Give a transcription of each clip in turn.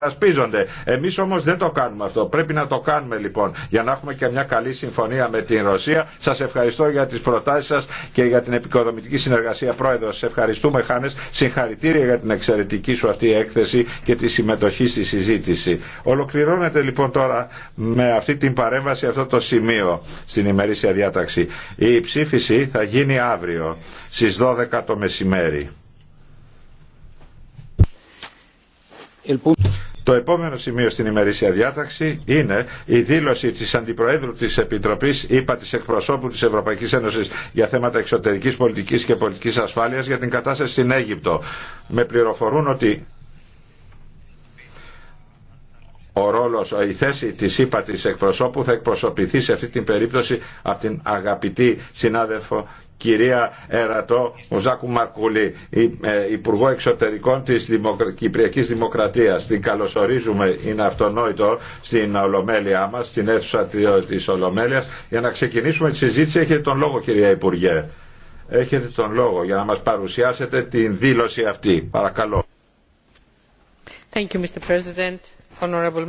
Ασπίζονται. Εμείς όμως δεν το κάνουμε αυτό. Πρέπει να το κάνουμε λοιπόν για να έχουμε και μια καλή συμφωνία με την Ρωσία. Σας ευχαριστώ για τις προτάσεις σας και για την επικοδομητική συνεργασία πρόεδρος. Σε ευχαριστούμε Χάνες. Συγχαρητήρια για την εξαιρετική σου αυτή έκθεση και τη συμμετοχή στη συζήτηση. Ολοκληρώνεται λοιπόν τώρα με αυτή την παρέμβαση αυτό το σημείο στην ημερήσια διάταξη. Η ψήφιση θα γίνει αύριο στις 12 το μεσημέρι. Το επόμενο σημείο στην ημερήσια διάταξη είναι η δήλωση της Αντιπροέδρου της Επιτροπής ΥΠΑ της Εκπροσώπου της Ευρωπαϊκής Ένωσης για θέματα εξωτερικής πολιτικής και πολιτικής ασφάλειας για την κατάσταση στην Αίγυπτο. Με πληροφορούν ότι ο ρόλος, η θέση της ΥΠΑ της εκπροσώπου θα εκπροσωπηθεί σε αυτή την περίπτωση από την αγαπητή συνάδελφο κυρία Ερατό Ζάκου Μαρκούλη, ε, Υπουργό Εξωτερικών της Κυπριακής Δημοκρατίας. Την καλωσορίζουμε, είναι αυτονόητο, στην Ολομέλειά μας, στην αίθουσα της Ολομέλειας. Για να ξεκινήσουμε τη συζήτηση έχετε τον λόγο κυρία Υπουργέ. Έχετε τον λόγο για να μας παρουσιάσετε την δήλωση αυτή. Παρακαλώ. Thank you, Mr. President. Honorable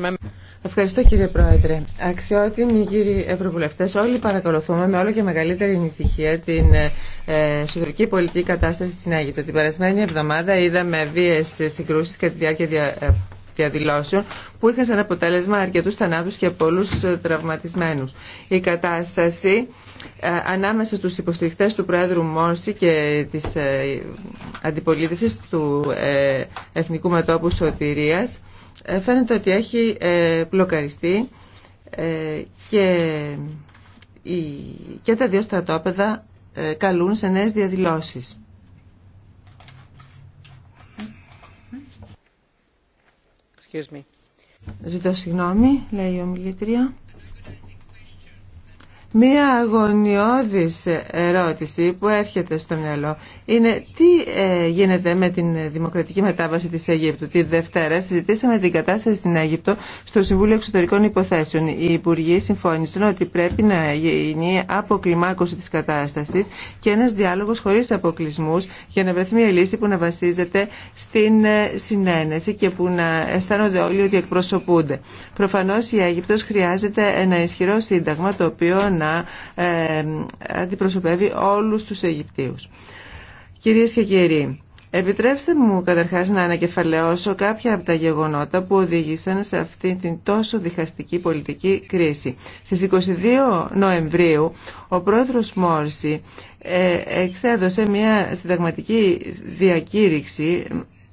Ευχαριστώ κύριε Πρόεδρε. Αξιότιμοι κύριοι Ευρωβουλευτέ, όλοι παρακολουθούμε με όλο και μεγαλύτερη ανησυχία την ε, ε, εσωτερική πολιτική κατάσταση στην Αίγυπτο. Την περασμένη εβδομάδα είδαμε βίε συγκρούσει κατά τη διάρκεια ε, διαδηλώσεων που είχαν σαν αποτέλεσμα αρκετού θανάτου και πολλού τραυματισμένου. Η κατάσταση ανάμεσα στου υποστηριχτέ του Πρόεδρου Μόρση και τη αντιπολίτευση του Εθνικού Μετώπου Σωτηρίας ε, φαίνεται ότι έχει ε, πλοκαριστεί ε, και, και τα δύο στρατόπεδα καλούν σε νέες διαδηλώσεις. Ζητώ συγγνώμη, λέει η ομιλήτρια. Μία αγωνιώδης ερώτηση που έρχεται στο μυαλό είναι τι ε, γίνεται με την δημοκρατική μετάβαση της Αιγύπτου. Τη Δευτέρα συζητήσαμε την κατάσταση στην Αίγυπτο στο Συμβούλιο Εξωτερικών Υποθέσεων. Οι Υπουργοί συμφώνησαν ότι πρέπει να γίνει αποκλιμάκωση της κατάστασης και ένας διάλογος χωρίς αποκλεισμούς για να βρεθεί μια λύση που να βασίζεται στην ε, συνένεση και που να αισθάνονται όλοι ότι εκπροσωπούνται. Προφανώς η Αίγυπτος χρειάζεται ένα ισχυρό σύνταγμα το οποίο να ε, αντιπροσωπεύει όλους τους Αιγυπτίους. Κυρίες και κύριοι, επιτρέψτε μου καταρχάς να ανακεφαλαιώσω κάποια από τα γεγονότα που οδήγησαν σε αυτή την τόσο διχαστική πολιτική κρίση. Στις 22 Νοεμβρίου, ο πρόεδρος Μόρση ε, εξέδωσε μια συνταγματική διακήρυξη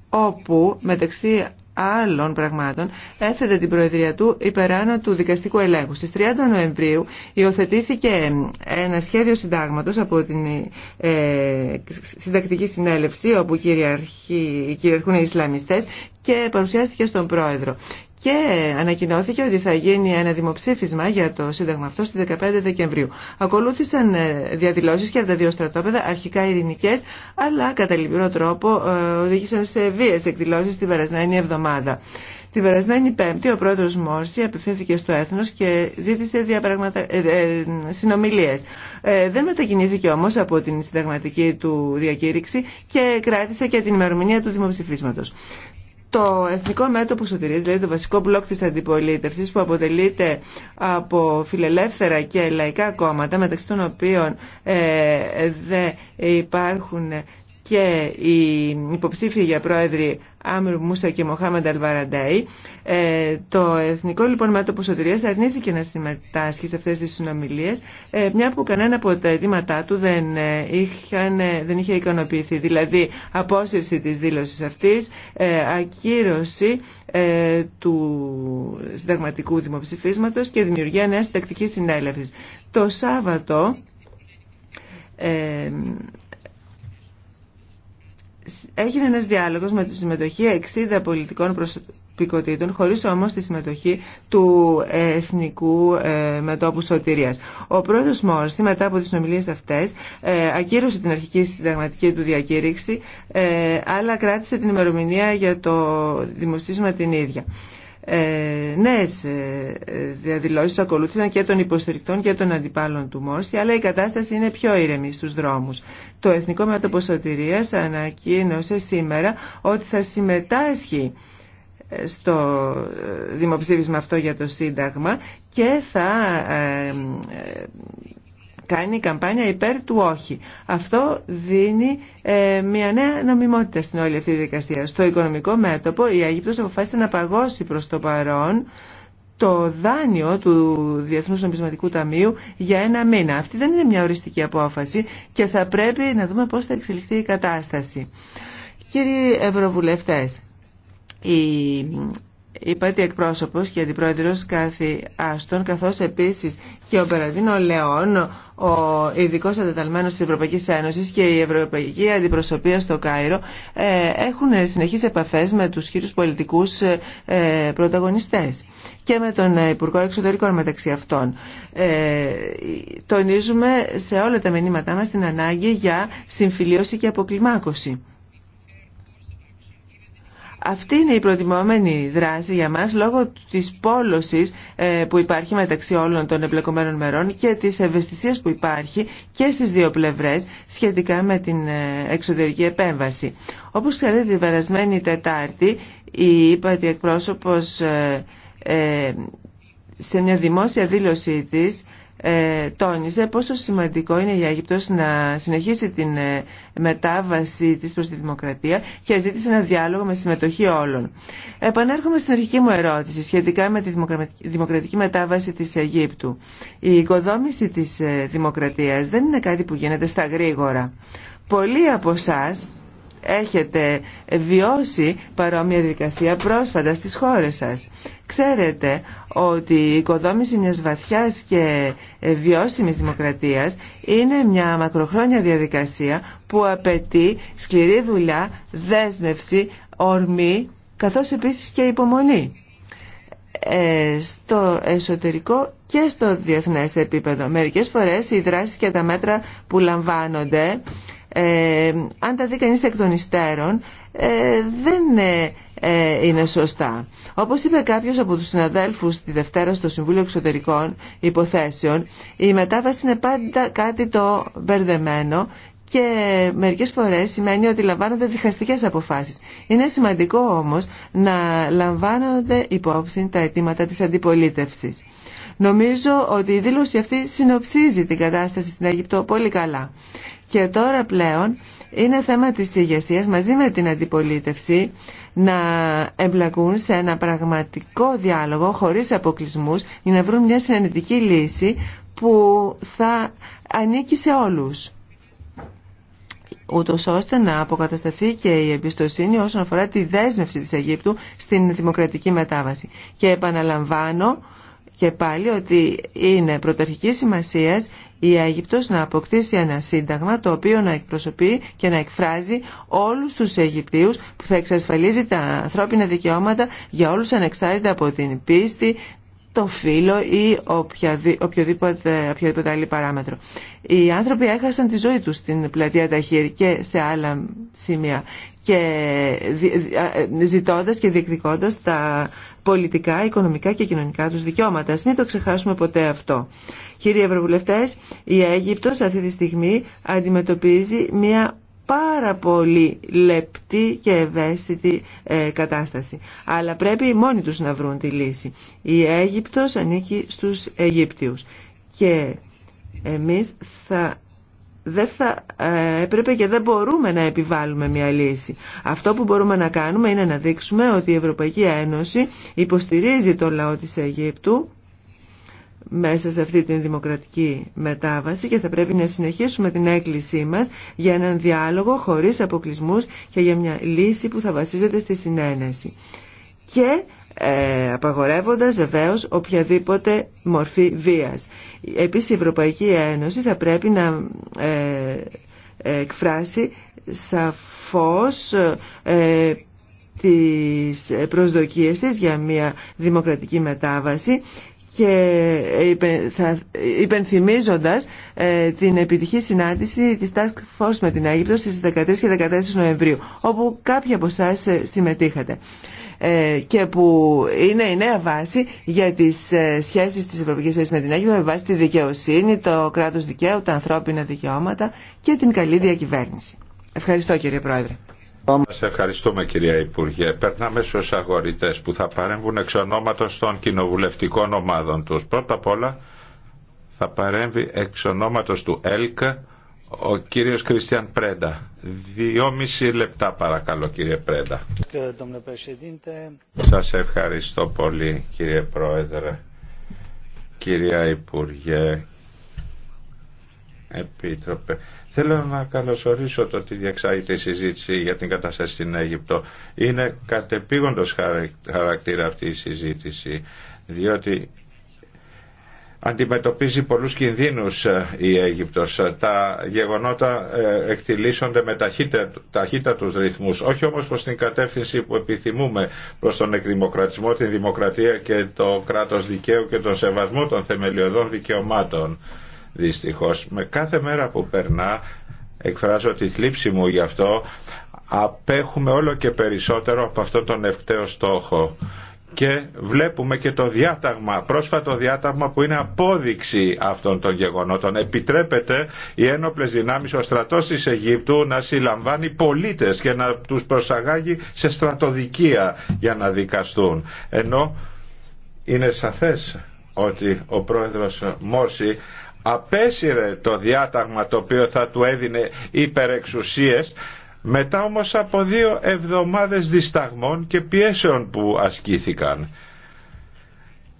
όπου μεταξύ άλλων πραγμάτων έθετε την Προεδρία του υπεράνω του δικαστικού ελέγχου. Στις 30 Νοεμβρίου υιοθετήθηκε ένα σχέδιο συντάγματος από την ε, συντακτική συνέλευση όπου κυριαρχούν οι Ισλαμιστές και παρουσιάστηκε στον Πρόεδρο και ανακοινώθηκε ότι θα γίνει ένα δημοψήφισμα για το Σύνταγμα αυτό στις 15 Δεκεμβρίου. Ακολούθησαν ε, διαδηλώσεις και από τα δύο στρατόπεδα, αρχικά ειρηνικές, αλλά κατά λυπηρό τρόπο ε, οδήγησαν σε βίες εκδηλώσεις την περασμένη εβδομάδα. Την περασμένη Πέμπτη ο πρόεδρος Μόρση απευθύνθηκε στο έθνος και ζήτησε διαπραγματα... Ε, συνομιλίες. δεν μετακινήθηκε όμως από την συνταγματική του διακήρυξη και κράτησε και την ημερομηνία του δημοψηφίσματος το Εθνικό Μέτωπο Σωτηρίας, δηλαδή το βασικό μπλοκ της αντιπολίτευσης που αποτελείται από φιλελεύθερα και λαϊκά κόμματα μεταξύ των οποίων ε, δεν υπάρχουν και οι υποψήφοι για πρόεδροι Άμρου Μούσα και Μοχάμεντα Ε, το Εθνικό λοιπόν Μέτωπο Σωτηρίας αρνήθηκε να συμμετάσχει σε αυτές τις συνομιλίες, ε, μια που κανένα από τα αιτήματά του δεν, ε, είχαν, ε, δεν είχε ικανοποιηθεί. Δηλαδή, απόσυρση της δήλωσης αυτής, ακύρωση του συνταγματικού δημοψηφίσματος και δημιουργία νέας συντακτικής συνέλευσης. Το Σάββατο έγινε ένας διάλογος με τη συμμετοχή 60 πολιτικών προσωπικότητων, χωρίς όμως τη συμμετοχή του Εθνικού ε, Μετώπου Σωτηρίας. Ο πρώτος Μόρση, μετά από τις συνομιλίες αυτές, ε, ακύρωσε την αρχική συνταγματική του διακήρυξη, ε, αλλά κράτησε την ημερομηνία για το δημοσίσμα την ίδια ε, νέες ε, διαδηλώσεις ακολούθησαν και των υποστηρικτών και των αντιπάλων του Μόρση, αλλά η κατάσταση είναι πιο ήρεμη στους δρόμους. Το Εθνικό Μέτωπο Σωτηρίας ανακοίνωσε σήμερα ότι θα συμμετάσχει ε, στο ε, δημοψήφισμα αυτό για το Σύνταγμα και θα κάνει καμπάνια υπέρ του όχι. Αυτό δίνει ε, μια νέα νομιμότητα στην όλη αυτή τη δικασία. Στο οικονομικό μέτωπο η Αίγυπτος αποφάσισε να παγώσει προς το παρόν το δάνειο του Διεθνούς Νομισματικού Ταμείου για ένα μήνα. Αυτή δεν είναι μια οριστική απόφαση και θα πρέπει να δούμε πώς θα εξελιχθεί η κατάσταση. Κύριοι Ευρωβουλευτές, η Υπάρχει εκπρόσωπος και αντιπρόεδρος Κάθη Άστον, καθώς επίσης και ο Περαδίνο Λεόν, ο ειδικό αντεταλμένος της Ευρωπαϊκής Ένωσης και η Ευρωπαϊκή Αντιπροσωπεία στο Κάιρο, ε, έχουν συνεχείς επαφές με τους κύριους πολιτικούς ε, πρωταγωνιστές και με τον Υπουργό Εξωτερικών μεταξύ αυτών. Ε, τονίζουμε σε όλα τα μηνύματά μας την ανάγκη για συμφιλίωση και αποκλιμάκωση. Αυτή είναι η προτιμόμενη δράση για μας λόγω της πόλωσης ε, που υπάρχει μεταξύ όλων των εμπλεκομένων μερών και της ευαισθησίας που υπάρχει και στις δύο πλευρές σχετικά με την ε, εξωτερική επέμβαση. Όπως ξέρετε, την περασμένη Τετάρτη η ύπατη εκπρόσωπος ε, σε μια δημόσια δήλωσή της ε, τόνιζε πόσο σημαντικό είναι η Αίγυπτος να συνεχίσει την ε, μετάβαση της προς τη δημοκρατία και ζήτησε ένα διάλογο με συμμετοχή όλων. Επανέρχομαι στην αρχική μου ερώτηση σχετικά με τη δημοκρατική μετάβαση της Αιγύπτου. Η οικοδόμηση της ε, δημοκρατίας δεν είναι κάτι που γίνεται στα γρήγορα. Πολλοί από εσά έχετε βιώσει παρόμοια διαδικασία πρόσφατα στις χώρες σας. Ξέρετε ότι η οικοδόμηση μιας βαθιάς και βιώσιμης δημοκρατίας είναι μια μακροχρόνια διαδικασία που απαιτεί σκληρή δουλειά, δέσμευση, ορμή καθώς επίσης και υπομονή. Ε, στο εσωτερικό και στο διεθνές επίπεδο. Μερικές φορές οι δράσεις και τα μέτρα που λαμβάνονται, ε, αν τα δει κανείς εκ των υστέρων, ε, δεν ε, είναι σωστά. Όπως είπε κάποιος από τους συναδέλφους τη Δευτέρα στο Συμβούλιο Εξωτερικών Υποθέσεων, η μετάβαση είναι πάντα κάτι το μπερδεμένο και μερικές φορές σημαίνει ότι λαμβάνονται διχαστικές αποφάσεις. Είναι σημαντικό όμως να λαμβάνονται υπόψη τα αιτήματα της αντιπολίτευσης. Νομίζω ότι η δήλωση αυτή συνοψίζει την κατάσταση στην Αιγυπτό πολύ καλά. Και τώρα πλέον είναι θέμα της ηγεσία μαζί με την αντιπολίτευση να εμπλακούν σε ένα πραγματικό διάλογο χωρίς αποκλεισμούς για να βρουν μια συναντητική λύση που θα ανήκει σε όλους ούτως ώστε να αποκατασταθεί και η εμπιστοσύνη όσον αφορά τη δέσμευση της Αιγύπτου στην δημοκρατική μετάβαση. Και επαναλαμβάνω και πάλι ότι είναι πρωταρχική σημασίας η Αίγυπτος να αποκτήσει ένα σύνταγμα το οποίο να εκπροσωπεί και να εκφράζει όλους τους Αιγυπτίους που θα εξασφαλίζει τα ανθρώπινα δικαιώματα για όλους ανεξάρτητα από την πίστη, το φύλλο ή οποιοδήποτε άλλη παράμετρο. Οι άνθρωποι έχασαν τη ζωή τους στην πλατεία Ταχύρ και σε άλλα σημεία και ε, ζητώντας και διεκδικώντας τα πολιτικά, οικονομικά και κοινωνικά τους δικαιώματα. μην το ξεχάσουμε ποτέ αυτό. Κύριοι Ευρωβουλευτές, η Αίγυπτος αυτή τη στιγμή αντιμετωπίζει μια πάρα πολύ λεπτή και ευαίσθητη ε, κατάσταση. Αλλά πρέπει μόνοι τους να βρουν τη λύση. Η Αίγυπτος ανήκει στους Αιγύπτιους. Και εμείς θα δεν θα ε, έπρεπε και δεν μπορούμε να επιβάλλουμε μια λύση. Αυτό που μπορούμε να κάνουμε είναι να δείξουμε ότι η Ευρωπαϊκή Ένωση υποστηρίζει το λαό της Αιγύπτου μέσα σε αυτή την δημοκρατική μετάβαση και θα πρέπει να συνεχίσουμε την έκκλησή μας για έναν διάλογο χωρίς αποκλεισμούς και για μια λύση που θα βασίζεται στη συνένεση. Και ε, απαγορεύοντας βεβαίως οποιαδήποτε μορφή βίας. Επίσης η Ευρωπαϊκή Ένωση θα πρέπει να ε, εκφράσει σαφώς ε, τις προσδοκίες της για μια δημοκρατική μετάβαση και θα, υπενθυμίζοντας ε, την επιτυχή συνάντηση της Task Force με την Αίγυπτο στις 13 και 14 Νοεμβρίου, όπου κάποιοι από εσά ε, συμμετείχατε. Ε, και που είναι η νέα βάση για τις ε, σχέσεις της Ευρωπαϊκής Ένωσης με την Αίγυπτο με βάση τη δικαιοσύνη, το κράτος δικαίου, τα ανθρώπινα δικαιώματα και την καλή διακυβέρνηση. Ευχαριστώ κύριε Πρόεδρε. Σα ευχαριστούμε κυρία Υπουργέ. Περνάμε στου αγορητέ που θα παρέμβουν εξ ονόματο των κοινοβουλευτικών ομάδων του. Πρώτα απ' όλα θα παρέμβει εξ του ΕΛΚΑ ο κύριος Κριστιαν Πρέντα. Δυόμιση λεπτά παρακαλώ κύριε Πρέντα. Σας ευχαριστώ πολύ κύριε Πρόεδρε, κυρία Υπουργέ, Επίτροπε. Θέλω να καλωσορίσω το ότι διεξάγεται η συζήτηση για την κατάσταση στην Αίγυπτο. Είναι κατεπίγοντος χαρακτήρα αυτή η συζήτηση, διότι αντιμετωπίζει πολλούς κινδύνους ε, η Αίγυπτος. Ε, τα γεγονότα ε, εκτιλήσονται με ταχύτατους ρυθμούς, όχι όμως προς την κατεύθυνση που επιθυμούμε προς τον εκδημοκρατισμό, την δημοκρατία και το κράτος δικαίου και τον σεβασμό των θεμελιωδών δικαιωμάτων. Δυστυχώς, με κάθε μέρα που περνά, εκφράζω τη θλίψη μου γι' αυτό, απέχουμε όλο και περισσότερο από αυτόν τον ευκταίο στόχο και βλέπουμε και το διάταγμα, πρόσφατο διάταγμα που είναι απόδειξη αυτών των γεγονότων. Επιτρέπεται οι ένοπλες δυνάμεις, ο στρατός της Αιγύπτου να συλλαμβάνει πολίτες και να τους προσαγάγει σε στρατοδικεία για να δικαστούν. Ενώ είναι σαφές ότι ο πρόεδρος Μόρση απέσυρε το διάταγμα το οποίο θα του έδινε υπερεξουσίες μετά όμως από δύο εβδομάδες δισταγμών και πιέσεων που ασκήθηκαν.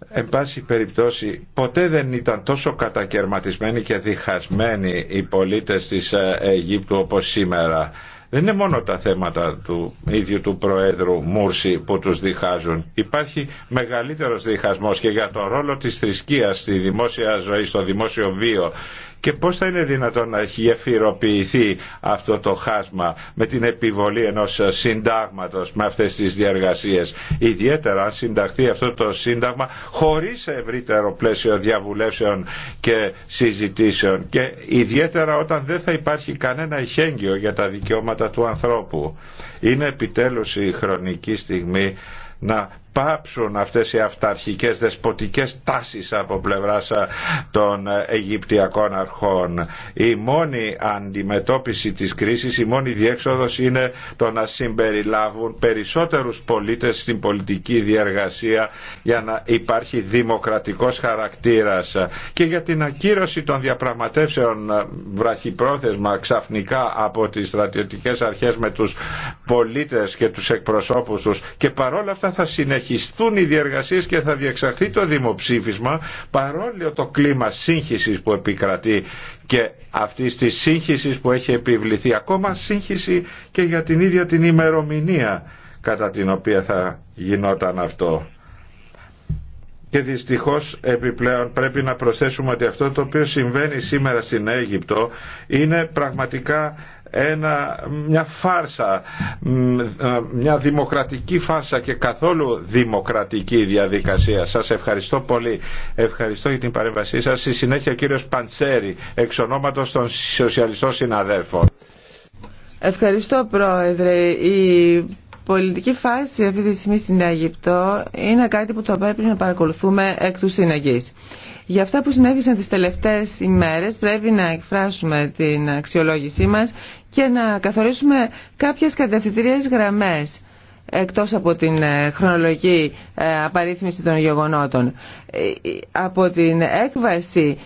Εν πάση περιπτώσει, ποτέ δεν ήταν τόσο κατακαιρματισμένοι και διχασμένοι οι πολίτες της ε, Αιγύπτου όπως σήμερα. Δεν είναι μόνο τα θέματα του ίδιου του Προέδρου Μούρση που τους διχάζουν. Υπάρχει μεγαλύτερος διχασμός και για τον ρόλο της θρησκείας στη δημόσια ζωή, στο δημόσιο βίο και πώς θα είναι δυνατόν να έχει γεφυροποιηθεί αυτό το χάσμα με την επιβολή ενός συντάγματος με αυτές τις διαργασίες. Ιδιαίτερα αν συνταχθεί αυτό το σύνταγμα χωρίς ευρύτερο πλαίσιο διαβουλεύσεων και συζητήσεων και ιδιαίτερα όταν δεν θα υπάρχει κανένα ηχέγγυο για τα δικαιώματα του ανθρώπου. Είναι επιτέλους η χρονική στιγμή να πάψουν αυτές οι αυταρχικές δεσποτικές τάσεις από πλευράς ε, των ε, Αιγυπτιακών αρχών. Η μόνη αντιμετώπιση της κρίσης, η μόνη διέξοδος είναι το να συμπεριλάβουν περισσότερους πολίτες στην πολιτική διεργασία για να υπάρχει δημοκρατικός χαρακτήρας και για την ακύρωση των διαπραγματεύσεων ε, βραχυπρόθεσμα ξαφνικά από τις στρατιωτικές αρχές με τους πολίτες και τους εκπροσώπους τους και παρόλα αυτά θα συνεχίσουν συνεχιστούν οι διεργασίες και θα διεξαχθεί το δημοψήφισμα παρόλο το κλίμα σύγχυσης που επικρατεί και αυτή τη σύγχυση που έχει επιβληθεί ακόμα σύγχυση και για την ίδια την ημερομηνία κατά την οποία θα γινόταν αυτό. Και δυστυχώς επιπλέον πρέπει να προσθέσουμε ότι αυτό το οποίο συμβαίνει σήμερα στην Αίγυπτο είναι πραγματικά ένα, μια φάρσα, μια δημοκρατική φάρσα και καθόλου δημοκρατική διαδικασία. Σας ευχαριστώ πολύ. Ευχαριστώ για την παρέμβασή σας. Στη συνέχεια ο κύριος Παντσέρη, εξ ονόματος των σοσιαλιστών συναδέλφων. Ευχαριστώ Πρόεδρε. Η πολιτική φάση αυτή τη στιγμή στην Αίγυπτο είναι κάτι που θα πρέπει να παρακολουθούμε εκ του συναγής. Για αυτά που συνέβησαν τις τελευταίες ημέρες πρέπει να εκφράσουμε την αξιολόγησή μας και να καθορίσουμε κάποιες κατευθυντήριες γραμμές εκτός από την ε, χρονολογική ε, απαρίθμηση των γεγονότων. Ε, από την έκβαση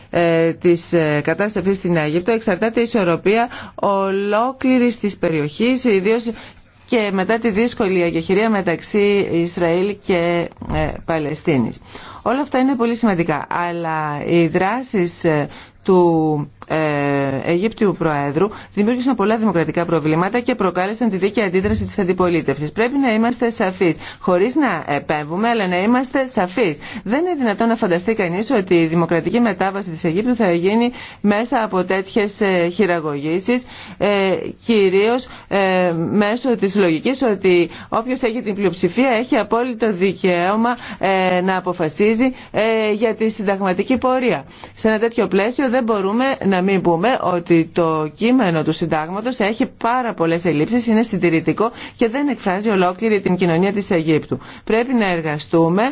της κατάστασης στην Αίγυπτο εξαρτάται η ισορροπία ολόκληρης της περιοχής, ιδίως και μετά τη δύσκολη αγεχηρία μεταξύ Ισραήλ και Παλαιστίνης. Όλα αυτά είναι πολύ σημαντικά, αλλά οι δράσεις ε, του ε, Αιγύπτιου Προέδρου δημιούργησαν πολλά δημοκρατικά προβλήματα και προκάλεσαν τη δίκαιη αντίδραση τη αντιπολίτευση. Πρέπει να είμαστε σαφεί, χωρί να επέμβουμε, αλλά να είμαστε σαφεί. Δεν είναι δυνατόν να φανταστεί κανεί ότι η δημοκρατική μετάβαση τη Αιγύπτου θα γίνει μέσα από τέτοιε χειραγωγήσει, ε, κυρίω ε, μέσω τη λογική ότι όποιο έχει την πλειοψηφία έχει απόλυτο δικαίωμα να αποφασίζει για τη συνταγματική πορεία. Σε ένα τέτοιο πλαίσιο δεν μπορούμε να να μην πούμε ότι το κείμενο του συντάγματος έχει πάρα πολλές ελλείψεις, είναι συντηρητικό και δεν εκφράζει ολόκληρη την κοινωνία της Αιγύπτου. Πρέπει να εργαστούμε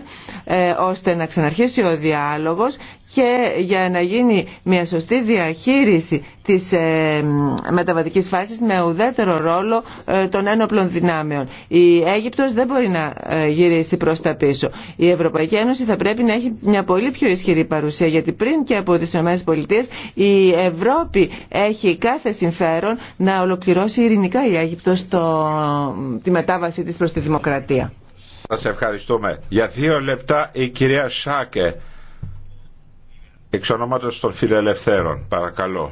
ε, ώστε να ξαναρχίσει ο διάλογος και για να γίνει μια σωστή διαχείριση της ε, μεταβατικής φάσης με ουδέτερο ρόλο ε, των ένοπλων δυνάμεων. Η Αίγυπτος δεν μπορεί να ε, γυρίσει προς τα πίσω. Η Ευρωπαϊκή Ένωση θα πρέπει να έχει μια πολύ πιο ισχυρή παρουσία γιατί πριν και από τις ΗΠΑ η Ευρώπη έχει κάθε συμφέρον να ολοκληρώσει ειρηνικά η Αίγυπτος τη μετάβασή της προς τη δημοκρατία. Σας ευχαριστούμε. Για δύο λεπτά η κυρία Σάκε, εξ ονόματος των φιλελευθέρων. Παρακαλώ.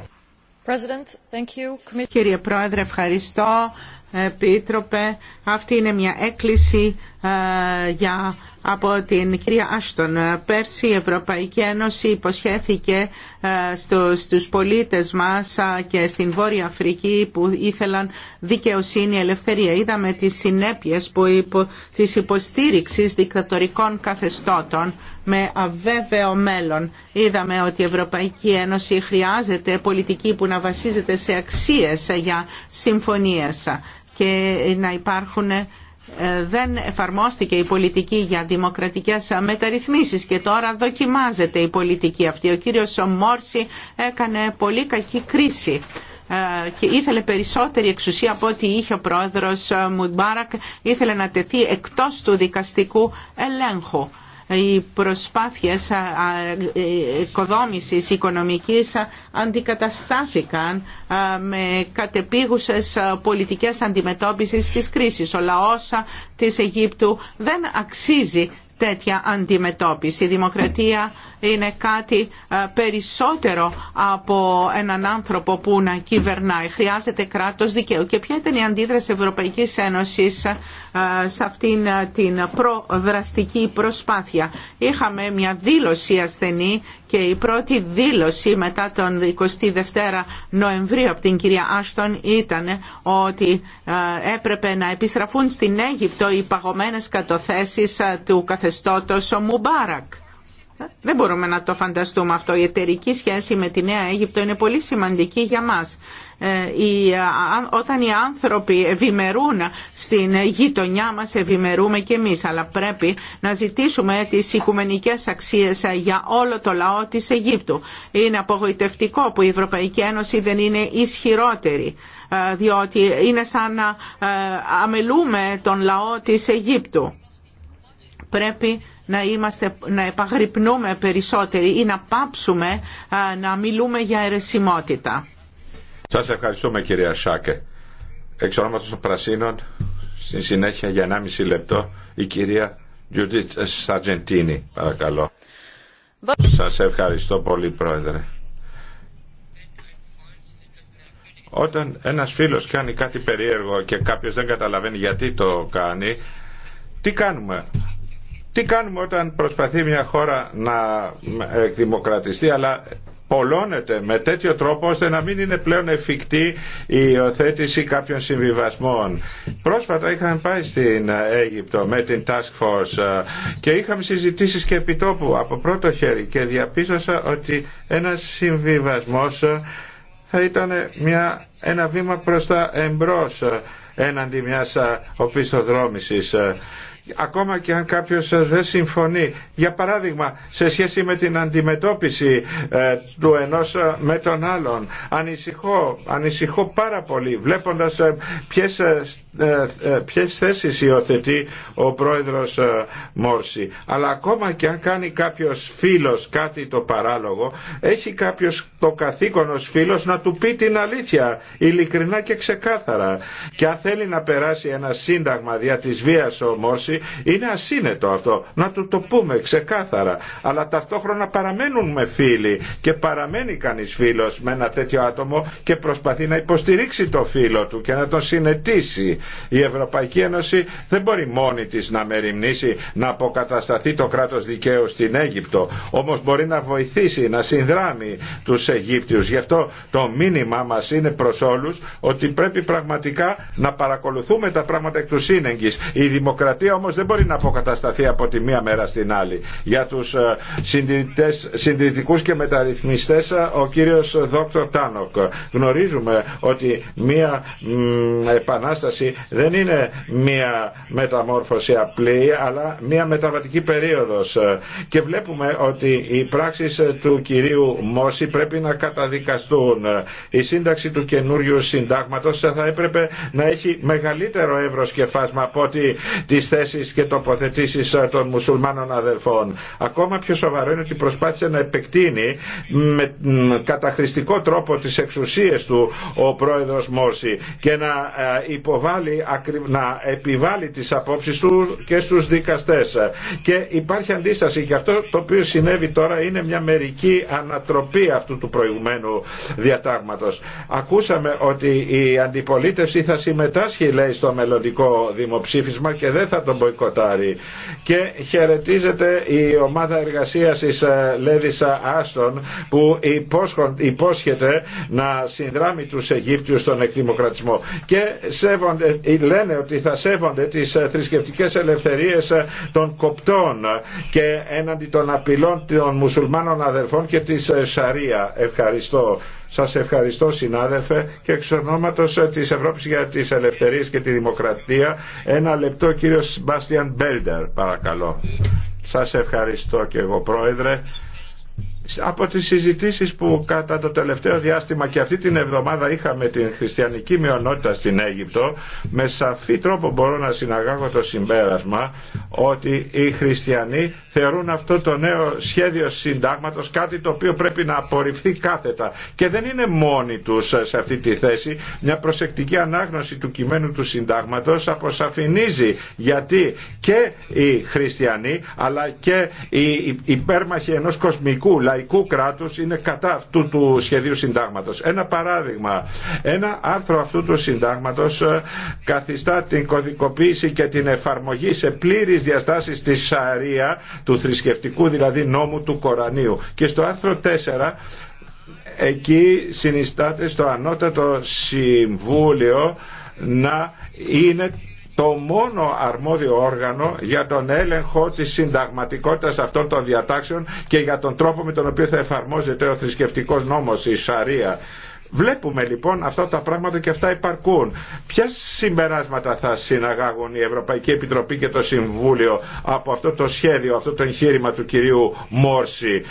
Κύριε Πρόεδρε, ευχαριστώ. Ε, Επίτροπε, αυτή είναι μια έκκληση ε, για από την κυρία Άστον. Πέρσι η Ευρωπαϊκή Ένωση υποσχέθηκε ε, στους πολίτες μας και στην Βόρεια Αφρική που ήθελαν δικαιοσύνη, ελευθερία. Είδαμε τις συνέπειες που υπο, της υποστήριξης δικτατορικών καθεστώτων με αβέβαιο μέλλον. Είδαμε ότι η Ευρωπαϊκή Ένωση χρειάζεται πολιτική που να βασίζεται σε αξίες ε, για συμφωνίες ε, και να υπάρχουν ε, δεν εφαρμόστηκε η πολιτική για δημοκρατικές μεταρρυθμίσεις και τώρα δοκιμάζεται η πολιτική αυτή. Ο κύριος Μόρση έκανε πολύ κακή κρίση ε, και ήθελε περισσότερη εξουσία από ό,τι είχε ο πρόεδρος Μουτμπάρακ. ήθελε να τεθεί εκτός του δικαστικού ελέγχου οι προσπάθειες ε, οικοδόμησης οικονομικής αντικαταστάθηκαν με κατεπίγουσες πολιτικές αντιμετώπισης της κρίσης. Ο λαός της Αιγύπτου δεν αξίζει τέτοια αντιμετώπιση. Η δημοκρατία είναι κάτι ε, περισσότερο από έναν άνθρωπο που να κυβερνάει. Χρειάζεται κράτος δικαίου. Και ποια ήταν η αντίδραση Ευρωπαϊκής Ένωσης ε, σε αυτήν ε, την προδραστική προσπάθεια. Είχαμε μια δήλωση ασθενή και η πρώτη δήλωση μετά τον 22 Νοεμβρίου από την κυρία Άστον ήταν ότι ε, έπρεπε να επιστραφούν στην Αίγυπτο οι παγωμένες κατοθέσεις ε, του καθεστώτος Μουμπάρακ. Ε, δεν μπορούμε να το φανταστούμε αυτό. Η εταιρική σχέση με τη Νέα Αίγυπτο είναι πολύ σημαντική για μας. Ε, όταν οι άνθρωποι ευημερούν στην γειτονιά μας ευημερούμε και εμείς αλλά πρέπει να ζητήσουμε τις οικουμενικές αξίες για όλο το λαό της Αιγύπτου. Είναι απογοητευτικό που η Ευρωπαϊκή Ένωση δεν είναι ισχυρότερη ε, διότι είναι σαν να ε, αμελούμε τον λαό της Αιγύπτου. Πρέπει να, είμαστε, να επαγρυπνούμε περισσότεροι ή να πάψουμε να μιλούμε για αιρεσιμότητα. Σας ευχαριστούμε κυρία Σάκε. Εξ ονόματος των Πρασίνων, στη συνέχεια για 1,5 λεπτό, η κυρία Judith Σαρτζεντίνη, παρακαλώ. Σας ευχαριστώ πολύ πρόεδρε. Όταν ένας φίλος κάνει κάτι περίεργο και κάποιος δεν καταλαβαίνει γιατί το κάνει, τι κάνουμε. Τι κάνουμε όταν προσπαθεί μια χώρα να εκδημοκρατιστεί αλλά πολλώνεται με τέτοιο τρόπο ώστε να μην είναι πλέον εφικτή η υιοθέτηση κάποιων συμβιβασμών. Πρόσφατα είχαμε πάει στην Αίγυπτο με την Task Force ε, και είχαμε συζητήσεις και επιτόπου από πρώτο χέρι και διαπίστωσα ότι ένας συμβιβασμός ε, θα ήταν μια, ένα βήμα προς τα εμπρός ε, έναντι μιας οπισθοδρόμησης ακόμα και αν κάποιος ε, δεν συμφωνεί. Για παράδειγμα, σε σχέση με την αντιμετώπιση ε, του ενός ε, με τον άλλον. Ανησυχώ, ανησυχώ πάρα πολύ βλέποντας ε, ποιες, θέσεις υιοθετεί ο πρόεδρος Μόρση. Αλλά ακόμα και αν κάνει κάποιος φίλος κάτι το παράλογο, έχει κάποιος το καθήκον ως φίλος να του πει την αλήθεια, ειλικρινά και ξεκάθαρα. Και αν θέλει να περάσει ένα σύνταγμα δια της βίας ο Μόρση, είναι ασύνετο αυτό. Να του το πούμε ξεκάθαρα. Αλλά ταυτόχρονα παραμένουν με φίλοι και παραμένει κανείς φίλος με ένα τέτοιο άτομο και προσπαθεί να υποστηρίξει το φίλο του και να τον συνετίσει. Η Ευρωπαϊκή Ένωση δεν μπορεί μόνη της να μεριμνήσει να αποκατασταθεί το κράτος δικαίου στην Αίγυπτο. Όμως μπορεί να βοηθήσει, να συνδράμει τους Αιγύπτιους. Γι' αυτό το μήνυμά μας είναι προς όλους ότι πρέπει πραγματικά να παρακολουθούμε τα πράγματα εκ του Η δημοκρατία όμως όμως δεν μπορεί να αποκατασταθεί από τη μία μέρα στην άλλη. Για τους ε, συντηρητικούς και μεταρρυθμιστές ε, ο κύριος Δόκτωρ Τάνοκ. Γνωρίζουμε ότι μία επανάσταση δεν είναι μία μεταμόρφωση απλή αλλά μία μεταβατική περίοδος ε, και βλέπουμε ότι οι πράξεις του κυρίου Μόση πρέπει να καταδικαστούν. Η σύνταξη του καινούριου συντάγματος θα έπρεπε να έχει μεγαλύτερο εύρος και φάσμα από ότι τις θέσεις και τοποθετήσεις ε, των μουσουλμάνων αδερφών. Ακόμα πιο σοβαρό είναι ότι προσπάθησε να επεκτείνει με καταχρηστικό τρόπο τις εξουσίες του ο πρόεδρος Μόρση και να ε, υποβάλει, να επιβάλλει τις απόψεις του και στους δικαστές. Και υπάρχει αντίσταση και αυτό το οποίο συνέβη τώρα είναι μια μερική ανατροπή αυτού του προηγουμένου διατάγματος. Ακούσαμε ότι η αντιπολίτευση θα συμμετάσχει λέει στο μελλοντικό δημοψήφισμα και δεν θα το μποϊκοτάρει. Και χαιρετίζεται η ομάδα εργασίας της ε, Λέδισα Άστον που υπόσχεται να συνδράμει τους Αιγύπτιους στον εκδημοκρατισμό. Και σέβονται, ε, λένε ότι θα σέβονται τις ε, θρησκευτικές ελευθερίες των κοπτών και έναντι των απειλών των μουσουλμάνων αδερφών και της Σαρία. Ευχαριστώ. Σας ευχαριστώ συνάδελφε και εξ ονόματος ε, της Ευρώπης για τις Ελευθερίες και τη Δημοκρατία ένα λεπτό κύριο Μπάστιαν Μπέλντερ παρακαλώ. Σας ευχαριστώ και εγώ πρόεδρε από τις συζητήσεις που κατά το τελευταίο διάστημα και αυτή την εβδομάδα είχαμε την χριστιανική μειονότητα στην Αίγυπτο με σαφή τρόπο μπορώ να συναγάγω το συμπέρασμα ότι οι χριστιανοί θεωρούν αυτό το νέο σχέδιο συντάγματος κάτι το οποίο πρέπει να απορριφθεί κάθετα και δεν είναι μόνοι τους σε αυτή τη θέση μια προσεκτική ανάγνωση του κειμένου του συντάγματος αποσαφηνίζει γιατί και οι χριστιανοί αλλά και οι υπέρμαχοι ενός κοσμικού λαϊκού κράτους είναι κατά αυτού του σχεδίου συντάγματος. Ένα παράδειγμα, ένα άρθρο αυτού του συντάγματος ε, καθιστά την κωδικοποίηση και την εφαρμογή σε πλήρης διαστάσεις της Σαρία, του θρησκευτικού δηλαδή νόμου του Κορανίου. Και στο άρθρο 4 εκεί συνιστάται στο ανώτατο συμβούλιο να είναι το μόνο αρμόδιο όργανο για τον έλεγχο της συνταγματικότητας αυτών των διατάξεων και για τον τρόπο με τον οποίο θα εφαρμόζεται ο θρησκευτικός νόμος, η Σαρία. Βλέπουμε λοιπόν αυτά τα πράγματα και αυτά υπαρκούν. Ποια συμπεράσματα θα συναγάγουν η Ευρωπαϊκή Επιτροπή και το Συμβούλιο από αυτό το σχέδιο, αυτό το εγχείρημα του κυρίου Μόρση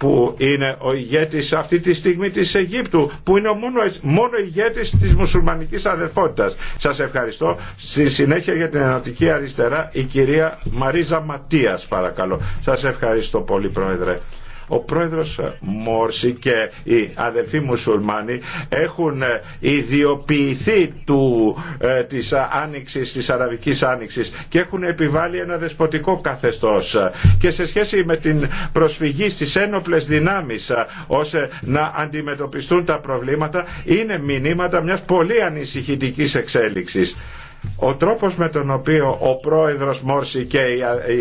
που είναι ο ηγέτης αυτή τη στιγμή της Αιγύπτου, που είναι ο μόνο, μόνο ηγέτης της μουσουλμανικής αδερφότητας. Σας ευχαριστώ. Στη συνέχεια για την Ενωτική Αριστερά, η κυρία Μαρίζα Ματίας, παρακαλώ. Σας ευχαριστώ πολύ, Πρόεδρε. Ο πρόεδρος Μόρση και οι αδελφοί μουσουλμάνοι έχουν ε, ιδιοποιηθεί του, ε, της άνοιξης, της αραβικής άνοιξης και έχουν επιβάλει ένα δεσποτικό καθεστώς και σε σχέση με την προσφυγή στις ένοπλες δυνάμεις ε, ώστε να αντιμετωπιστούν τα προβλήματα είναι μηνύματα μιας πολύ ανησυχητικής εξέλιξης. Ο τρόπος με τον οποίο ο πρόεδρος Μόρση και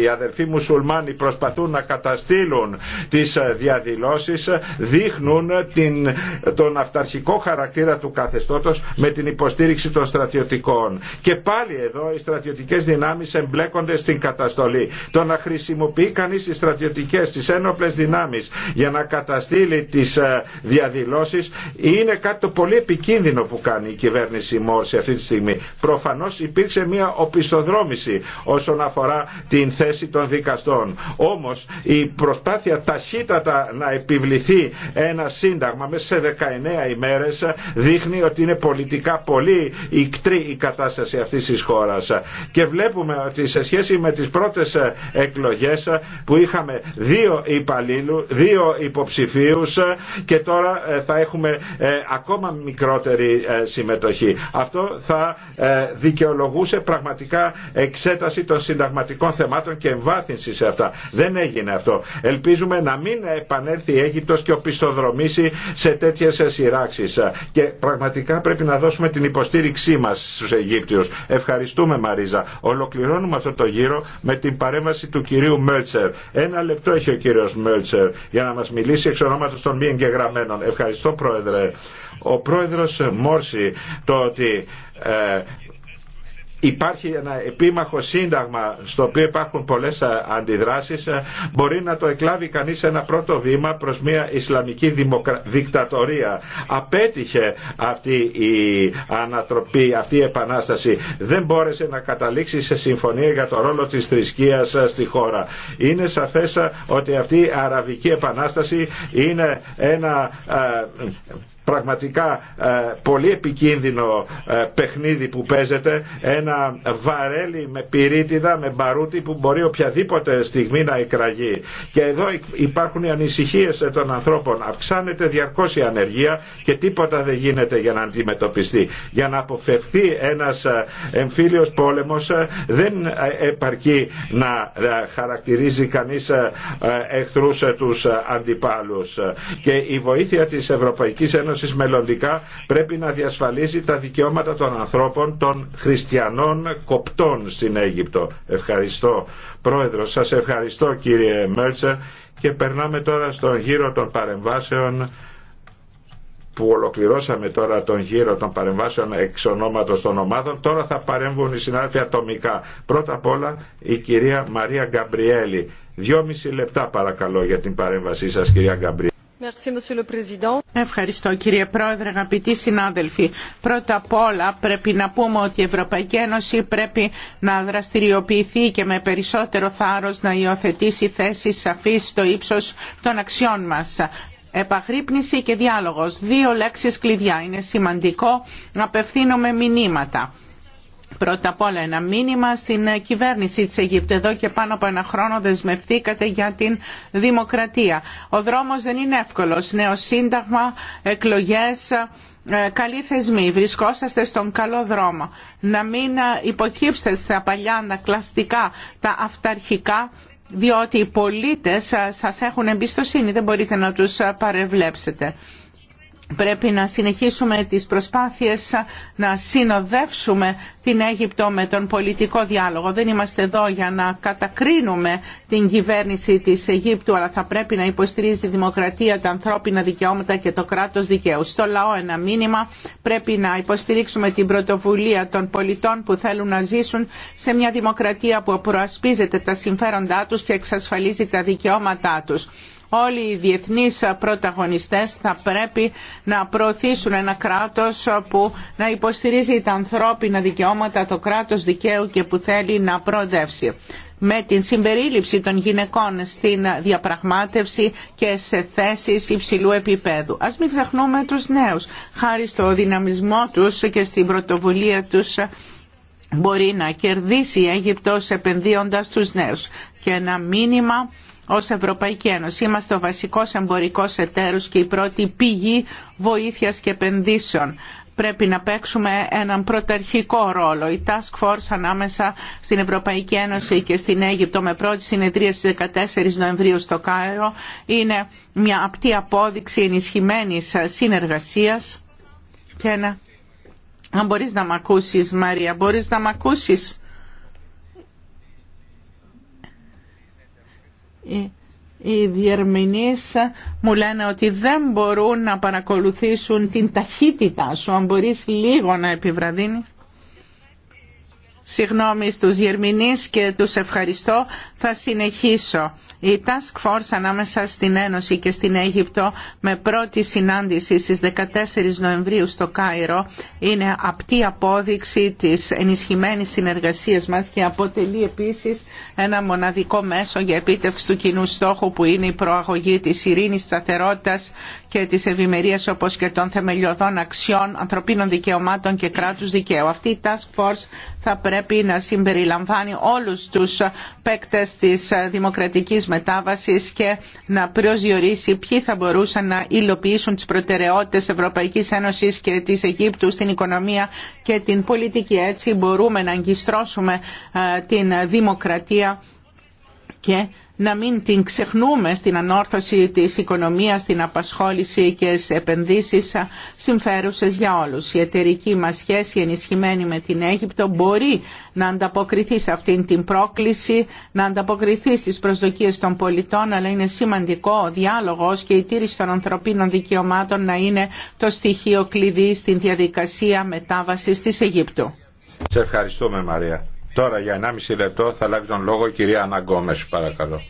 οι αδερφοί μουσουλμάνοι προσπαθούν να καταστήλουν τις ε, διαδηλώσεις δείχνουν την, τον αυταρχικό χαρακτήρα του καθεστώτος με την υποστήριξη των στρατιωτικών. Και πάλι εδώ οι στρατιωτικές δυνάμεις εμπλέκονται στην καταστολή. Το να χρησιμοποιεί κανείς τις στρατιωτικές, τις ένοπλες δυνάμεις για να καταστήλει τις ε, διαδηλώσεις είναι κάτι το πολύ επικίνδυνο που κάνει η κυβέρνηση Μόρση αυτή τη στιγμή. Προφανώς υπήρξε μια οπισθοδρόμηση όσον αφορά την θέση των δικαστών. Όμως η προσπάθεια ταχύτατα να επιβληθεί ένα σύνταγμα μέσα σε 19 ημέρες δείχνει ότι είναι πολιτικά πολύ ικτρή η κατάσταση αυτής της χώρας. Και βλέπουμε ότι σε σχέση με τις πρώτες εκλογές που είχαμε δύο υπαλλήλου, δύο υποψηφίους και τώρα ε, θα έχουμε ε, ακόμα μικρότερη ε, συμμετοχή. Αυτό θα δικαιολογούσε πραγματικά εξέταση των συνταγματικών θεμάτων και εμβάθυνση σε αυτά. Δεν έγινε αυτό. Ελπίζουμε να μην επανέλθει η Αίγυπτος και οπισθοδρομήσει σε τέτοιες σειράξεις. Και πραγματικά πρέπει να δώσουμε την υποστήριξή μας στους Αιγύπτιους. Ευχαριστούμε Μαρίζα. Ολοκληρώνουμε αυτό το γύρο με την παρέμβαση του κυρίου Μέλτσερ. Ένα λεπτό έχει ο κύριος Μέλτσερ για να μας μιλήσει εξ ονόματος των μη εγγεγραμμένων. Ευχαριστώ Πρόεδρε. Ο Πρόεδρος Μόρση το ότι ε, υπάρχει ένα επίμαχο σύνταγμα στο οποίο υπάρχουν πολλές ε, αντιδράσεις ε, μπορεί να το εκλάβει κανείς ένα πρώτο βήμα προς μια Ισλαμική δικτατορία απέτυχε αυτή η ανατροπή αυτή η επανάσταση δεν μπόρεσε να καταλήξει σε συμφωνία για το ρόλο της θρησκείας ε, στη χώρα είναι σαφές ότι αυτή η αραβική επανάσταση είναι ένα πραγματικά ε, πολύ επικίνδυνο ε, παιχνίδι που παίζεται, ένα βαρέλι με πυρίτιδα, με μπαρούτι που μπορεί οποιαδήποτε στιγμή να εκραγεί. Και εδώ υπάρχουν οι ανησυχίες των ανθρώπων. Αυξάνεται διαρκώς η ανεργία και τίποτα δεν γίνεται για να αντιμετωπιστεί. Για να αποφευθεί ένας ε, εμφύλιος πόλεμος δεν επαρκεί να χαρακτηρίζει κανείς εχθρούς τους αντιπάλους. Και η βοήθεια της Ευρωπαϊκής Ένωσης Ένωσης μελλοντικά πρέπει να διασφαλίζει τα δικαιώματα των ανθρώπων των χριστιανών κοπτών στην Αίγυπτο. Ευχαριστώ. πρόεδρο. σας ευχαριστώ κύριε Μέρτσερ και περνάμε τώρα στον γύρο των παρεμβάσεων που ολοκληρώσαμε τώρα τον γύρο των παρεμβάσεων εξ ονόματος των ομάδων, τώρα θα παρέμβουν οι συνάδελφοι ατομικά. Πρώτα απ' όλα η κυρία Μαρία Γκαμπριέλη. Δυόμιση λεπτά παρακαλώ για την παρέμβασή σας κυρία Γκαμπριέλη. Ευχαριστώ κύριε Πρόεδρε, αγαπητοί συνάδελφοι. Πρώτα απ' όλα πρέπει να πούμε ότι η Ευρωπαϊκή Ένωση πρέπει να δραστηριοποιηθεί και με περισσότερο θάρρος να υιοθετήσει θέσεις σαφείς στο ύψος των αξιών μας. Επαγρύπνηση και διάλογος, δύο λέξεις κλειδιά. Είναι σημαντικό να απευθύνουμε μηνύματα Πρώτα απ' όλα ένα μήνυμα στην κυβέρνηση της Αιγύπτου. Εδώ και πάνω από ένα χρόνο δεσμευτήκατε για την δημοκρατία. Ο δρόμος δεν είναι εύκολος. Νέο σύνταγμα, εκλογές, ε, καλή θεσμοί. Βρισκόσαστε στον καλό δρόμο. Να μην ε, υποκύψετε στα παλιά κλαστικά, τα αυταρχικά, διότι οι πολίτες ε, σας έχουν εμπιστοσύνη. Δεν μπορείτε να τους παρεβλέψετε. Πρέπει να συνεχίσουμε τις προσπάθειες να συνοδεύσουμε την Αίγυπτο με τον πολιτικό διάλογο. Δεν είμαστε εδώ για να κατακρίνουμε την κυβέρνηση της Αιγύπτου, αλλά θα πρέπει να υποστηρίζει τη δημοκρατία, τα ανθρώπινα δικαιώματα και το κράτος δικαίου. Στο λαό ένα μήνυμα πρέπει να υποστηρίξουμε την πρωτοβουλία των πολιτών που θέλουν να ζήσουν σε μια δημοκρατία που προασπίζεται τα συμφέροντά τους και εξασφαλίζει τα δικαιώματά τους όλοι οι διεθνείς πρωταγωνιστές θα πρέπει να προωθήσουν ένα κράτος που να υποστηρίζει τα ανθρώπινα δικαιώματα, το κράτος δικαίου και που θέλει να προοδεύσει. Με την συμπερίληψη των γυναικών στην διαπραγμάτευση και σε θέσεις υψηλού επίπεδου. Ας μην ξεχνούμε τους νέους. Χάρη στο δυναμισμό τους και στην πρωτοβουλία τους μπορεί να κερδίσει η Αίγυπτος επενδύοντας τους νέους. Και ένα μήνυμα ως Ευρωπαϊκή Ένωση. Είμαστε ο βασικός εμπορικός εταίρος και η πρώτη πηγή βοήθειας και επενδύσεων. Πρέπει να παίξουμε έναν πρωταρχικό ρόλο. Η Task Force ανάμεσα στην Ευρωπαϊκή Ένωση και στην Αίγυπτο με πρώτη συνεδρία στις 14 Νοεμβρίου στο Κάιρο είναι μια απτή απόδειξη ενισχυμένης συνεργασίας. Και να... Αν μπορείς να μ' ακούσεις Μαρία, μπορείς να μ' ακούσεις. οι διερμηνείς μου λένε ότι δεν μπορούν να παρακολουθήσουν την ταχύτητά σου, αν μπορείς λίγο να επιβραδύνεις συγγνώμη στους Γερμινείς και τους ευχαριστώ. Θα συνεχίσω. Η Task Force ανάμεσα στην Ένωση και στην Αίγυπτο με πρώτη συνάντηση στις 14 Νοεμβρίου στο Κάιρο είναι απτή απόδειξη της ενισχυμένης συνεργασίας μας και αποτελεί επίσης ένα μοναδικό μέσο για επίτευξη του κοινού στόχου που είναι η προαγωγή της ειρήνης, σταθερότητας και της ευημερίας όπως και των θεμελιωδών αξιών, ανθρωπίνων δικαιωμάτων και κράτους δικαίου. Αυτή η Task Force θα πρέπει πρέπει να συμπεριλαμβάνει όλους τους παίκτες της δημοκρατικής μετάβασης και να προσδιορίσει ποιοι θα μπορούσαν να υλοποιήσουν τις προτεραιότητες Ευρωπαϊκής Ένωσης και της Αιγύπτου στην οικονομία και την πολιτική. Έτσι μπορούμε να αγκιστρώσουμε ε, την δημοκρατία και να μην την ξεχνούμε στην ανόρθωση της οικονομίας, στην απασχόληση και στις επενδύσεις συμφέρουσες για όλους. Η εταιρική μας σχέση ενισχυμένη με την Αίγυπτο μπορεί να ανταποκριθεί σε αυτήν την πρόκληση, να ανταποκριθεί στις προσδοκίες των πολιτών, αλλά είναι σημαντικό ο διάλογος και η τήρηση των ανθρωπίνων δικαιωμάτων να είναι το στοιχείο κλειδί στην διαδικασία μετάβασης της Αιγύπτου. Σε ευχαριστούμε Μαρία. Τώρα για 1,5 λεπτό θα λάβει τον λόγο η κυρία Αναγκόμες παρακαλώ.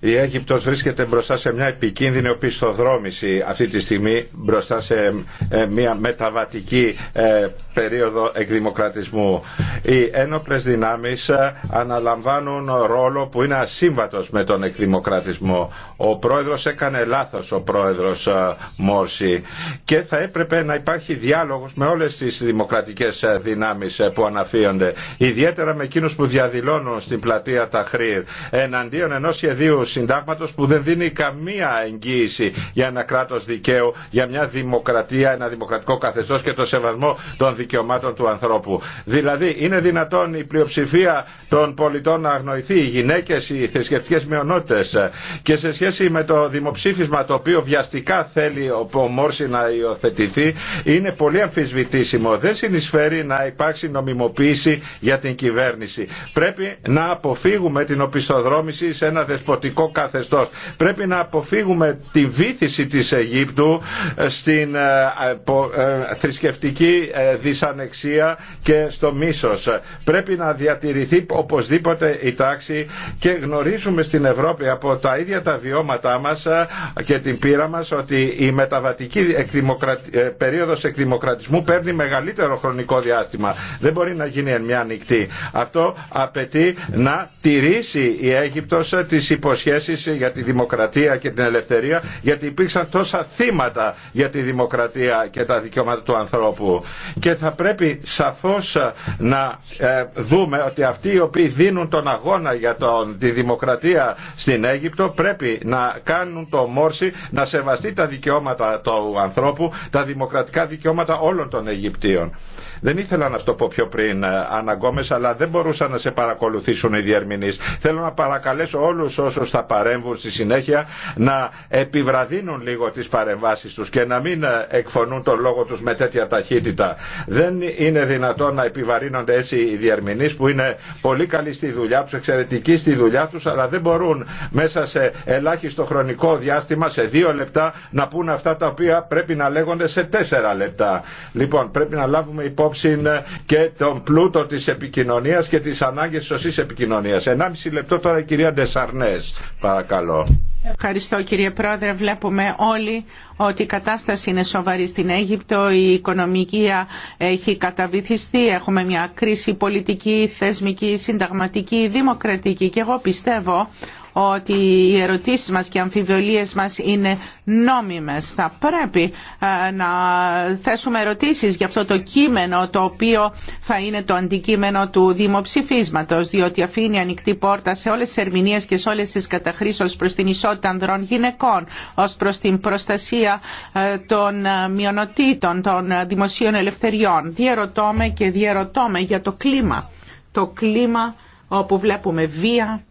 Η Αίγυπτος βρίσκεται μπροστά σε μια επικίνδυνη οπισθοδρόμηση αυτή τη στιγμή μπροστά σε ε, μια μεταβατική ε, περίοδο εκδημοκρατισμού. Οι ένοπλες δυνάμεις ε, αναλαμβάνουν ρόλο που είναι ασύμβατος με τον εκδημοκρατισμό. Ο πρόεδρος έκανε λάθος ο πρόεδρος Μόρση και θα έπρεπε να υπάρχει διάλογος με όλες τις δημοκρατικές δυνάμεις που αναφύονται. Ιδιαίτερα με εκείνους που διαδηλώνουν στην πλατεία Ταχρήρ εναντίον ενός σχεδίου συντάγματος που δεν δίνει καμία εγγύηση για ένα κράτο δικαίου, για μια δημοκρατία, ένα δημοκρατικό καθεστώ και το σεβασμό των δικαιωμάτων του ανθρώπου. Δηλαδή είναι δυνατόν η πλειοψηφία των πολιτών να αγνοηθεί, οι γυναίκε, οι θρησκευτικέ μειονότητε και σε σχέση με το δημοψήφισμα το οποίο βιαστικά θέλει ο Μόρση να υιοθετηθεί είναι πολύ αμφισβητήσιμο. Δεν συνεισφέρει να υπάρξει νομιμοποίηση για την κυβέρνηση. Πρέπει να αποφύγουμε την οπισθοδρόμηση σε ένα δεσποτικό Πρέπει να αποφύγουμε τη βήθηση της Αιγύπτου ε, στην ε, ε, θρησκευτική δυσανεξία και στο μίσος. Πρέπει να διατηρηθεί οπωσδήποτε η τάξη και γνωρίζουμε στην Ευρώπη από τα ίδια τα βιώματά μας και την πείρα μας ότι η μεταβατική εκδημοκρατι... περίοδος εκδημοκρατισμού παίρνει μεγαλύτερο χρονικό διάστημα. Δεν μπορεί να γίνει εν μια νυχτή. Αυτό απαιτεί να τηρήσει η Αίγυπτος τις υποσχέσεις σχέσεις για τη δημοκρατία και την ελευθερία γιατί υπήρξαν τόσα θύματα για τη δημοκρατία και τα δικαιώματα του ανθρώπου. Και θα πρέπει σαφώς να ε, δούμε ότι αυτοί οι οποίοι δίνουν τον αγώνα για τη δημοκρατία στην Αίγυπτο πρέπει να κάνουν το μόρση να σεβαστεί τα δικαιώματα του ανθρώπου, τα δημοκρατικά δικαιώματα όλων των Αιγυπτίων. Δεν ήθελα να στο πω πιο πριν, αναγκόμε, ε, αλλά δεν μπορούσαν να σε παρακολουθήσουν οι διερμηνεί. Θέλω να παρακαλέσω όλου όσου θα παρέμβουν στη συνέχεια να επιβραδύνουν λίγο τι παρεμβάσει του και να μην ε, εκφωνούν τον λόγο του με τέτοια ταχύτητα. Δεν είναι δυνατόν να επιβαρύνονται έτσι οι διερμηνεί που είναι πολύ καλοί στη δουλειά του, εξαιρετικοί στη δουλειά του, αλλά δεν μπορούν μέσα σε ελάχιστο χρονικό διάστημα, σε δύο λεπτά, να πούν αυτά τα οποία πρέπει να λέγονται σε τέσσερα λεπτά. Λοιπόν, πρέπει να λάβουμε υπόψη υπόψη και τον πλούτο της επικοινωνίας και τις ανάγκες σωστής επικοινωνίας. 1,5 λεπτό τώρα η κυρία Ντεσαρνές, παρακαλώ. Ευχαριστώ κύριε Πρόεδρε. Βλέπουμε όλοι ότι η κατάσταση είναι σοβαρή στην Αίγυπτο, η οικονομική έχει καταβυθιστεί, έχουμε μια κρίση πολιτική, θεσμική, συνταγματική, δημοκρατική και εγώ πιστεύω ότι οι ερωτήσεις μας και οι αμφιβολίες μας είναι νόμιμες. Θα πρέπει ε, να θέσουμε ερωτήσεις για αυτό το κείμενο το οποίο θα είναι το αντικείμενο του δημοψηφίσματος διότι αφήνει ανοιχτή πόρτα σε όλες τις ερμηνείες και σε όλες τις καταχρήσεις προς την ισότητα ανδρών γυναικών, ως προς την προστασία ε, των ε, μειονοτήτων, των δημοσίων ελευθεριών. Διερωτώμε και διερωτώμε για το κλίμα. Το κλίμα όπου βλέπουμε βία,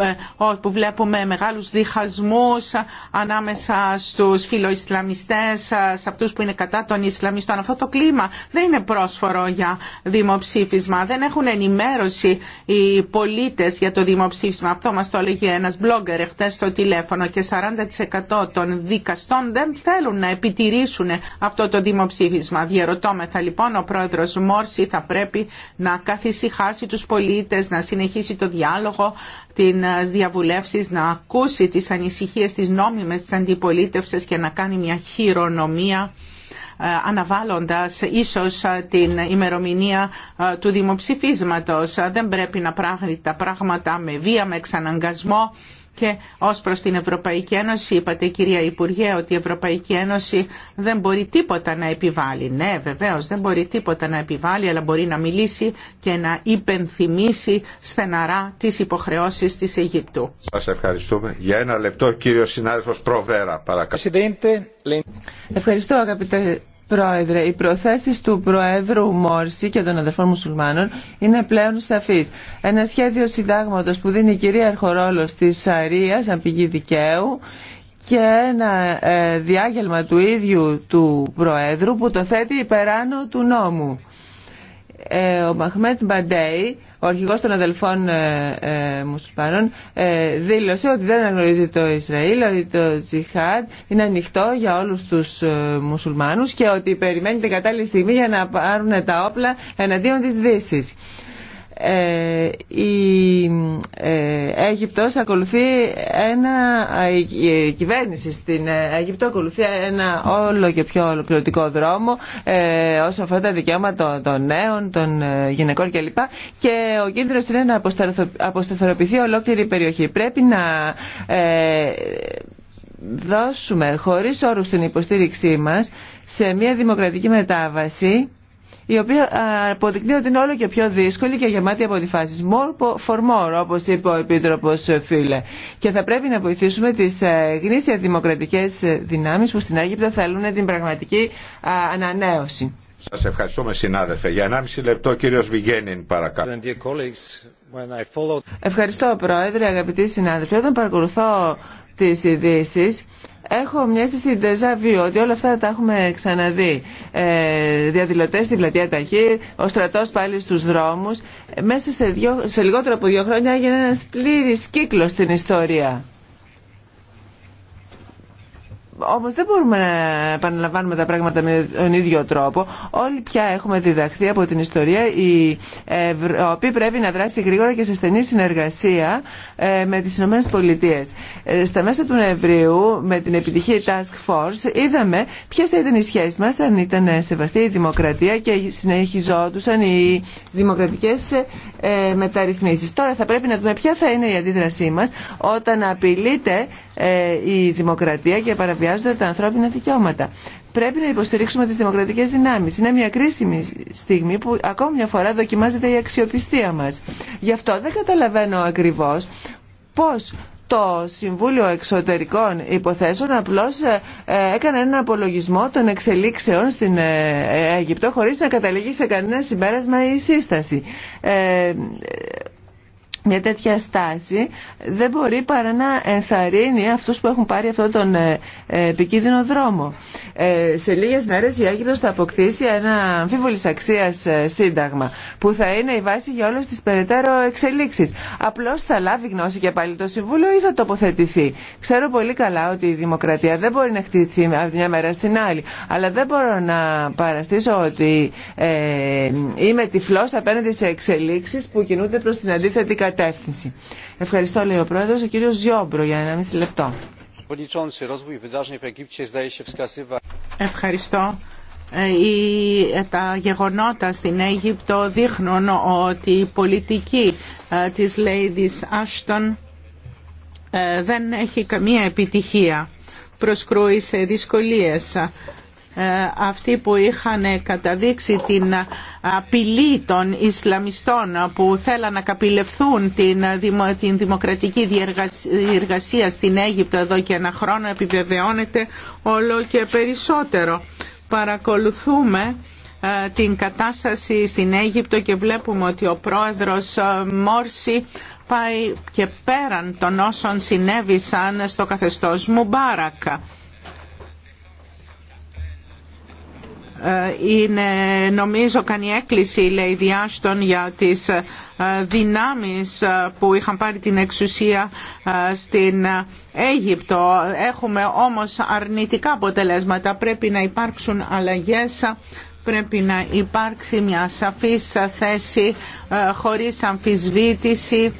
ε, που βλέπουμε μεγάλους διχασμούς ανάμεσα στους φιλοϊσλαμιστές, ε, σε αυτούς που είναι κατά των Ισλαμιστών. Αυτό το κλίμα δεν είναι πρόσφορο για δημοψήφισμα. Δεν έχουν ενημέρωση οι πολίτες για το δημοψήφισμα. Αυτό μας το έλεγε ένας μπλόγκερ χτες στο τηλέφωνο και 40% των δικαστών δεν θέλουν να επιτηρήσουν αυτό το δημοψήφισμα. Διερωτώμεθα λοιπόν ο πρόεδρος Μόρση θα πρέπει να καθησυχάσει τους πολίτες, να συνεχίσει το διάλογο, την διαβουλεύσεις να ακούσει τις ανησυχίες της νόμιμες της αντιπολίτευσης και να κάνει μια χειρονομία ε, αναβάλλοντας ίσως ε, την ημερομηνία ε, του δημοψηφίσματος. Δεν πρέπει να πράγει τα πράγματα με βία, με εξαναγκασμό και ως προς την Ευρωπαϊκή Ένωση, είπατε κυρία Υπουργέ ότι η Ευρωπαϊκή Ένωση δεν μπορεί τίποτα να επιβάλλει. Ναι, βεβαίως δεν μπορεί τίποτα να επιβάλλει, αλλά μπορεί να μιλήσει και να υπενθυμίσει στεναρά τις υποχρεώσεις της Αιγύπτου. Σας ευχαριστούμε. Για ένα λεπτό κύριο συνάδελφος Προβέρα, παρακαλώ. Ευχαριστώ αγαπητέ Πρόεδρε, οι προθέσεις του Προέδρου Μόρση και των αδερφών μουσουλμάνων είναι πλέον σαφείς. Ένα σχέδιο συντάγματος που δίνει κυρίαρχο ρόλο στη Σαρία σαν πηγή δικαίου και ένα ε, διάγελμα του ίδιου του Προέδρου που το θέτει υπεράνω του νόμου. Ε, ο Μαχμέτ Μπαντέι, ο αρχηγός των αδελφών ε, ε μουσουλμάνων, ε, δήλωσε ότι δεν αναγνωρίζει το Ισραήλ, ότι το τζιχάντ είναι ανοιχτό για όλους τους μουσουλμάνους και ότι περιμένει την κατάλληλη στιγμή για να πάρουν τα όπλα εναντίον της Δύσης. Ε, η ε, Αίγυπτος ακολουθεί ένα η κυβέρνηση στην ε, Αίγυπτο ακολουθεί ένα όλο και πιο ολοκληρωτικό δρόμο ε, όσον αφορά τα δικαιώματα των νέων, των γυναικών κλπ και ο κίνδυνος είναι να αποσταθεροποιηθεί ολόκληρη η περιοχή πρέπει να δώσουμε χωρίς όρους την υποστήριξή μας σε μια δημοκρατική μετάβαση η οποία αποδεικνύει ότι είναι όλο και πιο δύσκολη και γεμάτη από αντιφάσεις. More for more, όπως είπε ο επίτροπο ε, Φίλε. Και θα πρέπει να βοηθήσουμε τι ε, γνήσια δημοκρατικέ ε, δυνάμει που στην Αίγυπτο θέλουν την πραγματική ανανέωση. Σα ευχαριστούμε συνάδελφε. Για 1,5 λεπτό κύριο Βιγγένιν παρακαλώ. Ευχαριστώ Πρόεδρε, αγαπητοί συνάδελφοι. Όταν παρακολουθώ τι ειδήσει, Έχω μια στην Τεζαβίου ότι όλα αυτά τα έχουμε ξαναδεί. Ε, Διαδηλωτέ στην πλατεία ταχύ, ο στρατό πάλι στου δρόμου. Μέσα σε, δύο, σε λιγότερο από δύο χρόνια έγινε ένα πλήρη κύκλο στην ιστορία. Όμω δεν μπορούμε να επαναλαμβάνουμε τα πράγματα με τον ίδιο τρόπο. Όλοι πια έχουμε διδαχθεί από την ιστορία. Η Ευρώπη πρέπει να δράσει γρήγορα και σε στενή συνεργασία ε, με τι ΗΠΑ. Πολιτείες. Ε, στα μέσα του Νοεμβρίου με την επιτυχή Task Force είδαμε ποιε θα ήταν οι σχέσει μα αν ήταν σεβαστή η δημοκρατία και συνεχιζόντουσαν οι δημοκρατικές ε, μεταρρυθμίσει. Τώρα θα πρέπει να δούμε ποια θα είναι η αντίδρασή μα όταν απειλείται ε, η δημοκρατία και παραβιάζονται τα ανθρώπινα δικαιώματα. Πρέπει να υποστηρίξουμε τις δημοκρατικές δυνάμεις. Είναι μια κρίσιμη στιγμή που ακόμη μια φορά δοκιμάζεται η αξιοπιστία μας. Γι' αυτό δεν καταλαβαίνω ακριβώς πώς το Συμβούλιο Εξωτερικών Υποθέσεων απλώς ε, ε, έκανε ένα απολογισμό των εξελίξεων στην Αίγυπτο χωρίς να καταλήγει σε κανένα συμπέρασμα ή σύσταση μια τέτοια στάση δεν μπορεί παρά να ενθαρρύνει αυτούς που έχουν πάρει αυτόν τον ε, ε, επικίνδυνο δρόμο. Ε, σε λίγες μέρες η Αίγυπτος θα αποκτήσει ένα αμφίβολης αξίας σύνταγμα που θα είναι η βάση για όλες τις περαιτέρω εξελίξεις. Απλώς θα λάβει γνώση και πάλι το Συμβούλιο ή θα τοποθετηθεί. Ξέρω πολύ καλά ότι η δημοκρατία δεν μπορεί να χτίσει από μια μέρα στην άλλη. Αλλά δεν μπορώ να παραστήσω ότι ε, είμαι τυφλός απέναντι σε εξελίξεις που κινούνται προς την αντίθετη κατεύθυνση. Ευχαριστώ, λέει ο Πρόεδρος, ο κύριος Ζιόμπρο, για ένα μισή λεπτό. Ευχαριστώ. Ε, ε, τα γεγονότα στην Αίγυπτο δείχνουν ότι η πολιτική ε, της Λέιδης Άστον δεν έχει καμία επιτυχία. Προσκρούει σε δυσκολίες ε, αυτοί που είχαν καταδείξει την απειλή των Ισλαμιστών που θέλαν να καπηλευθούν την δημοκρατική διεργασία στην Αίγυπτο εδώ και ένα χρόνο επιβεβαιώνεται όλο και περισσότερο. Παρακολουθούμε ε, την κατάσταση στην Αίγυπτο και βλέπουμε ότι ο πρόεδρος ε, Μόρση πάει και πέραν των όσων συνέβησαν στο καθεστώς Μουμπάρακα είναι νομίζω κάνει έκκληση λέει Διάστον για τις ε, δυνάμεις ε, που είχαν πάρει την εξουσία ε, στην Αίγυπτο. Έχουμε όμως αρνητικά αποτελέσματα. Πρέπει να υπάρξουν αλλαγές πρέπει να υπάρξει μια σαφής θέση χωρίς αμφισβήτηση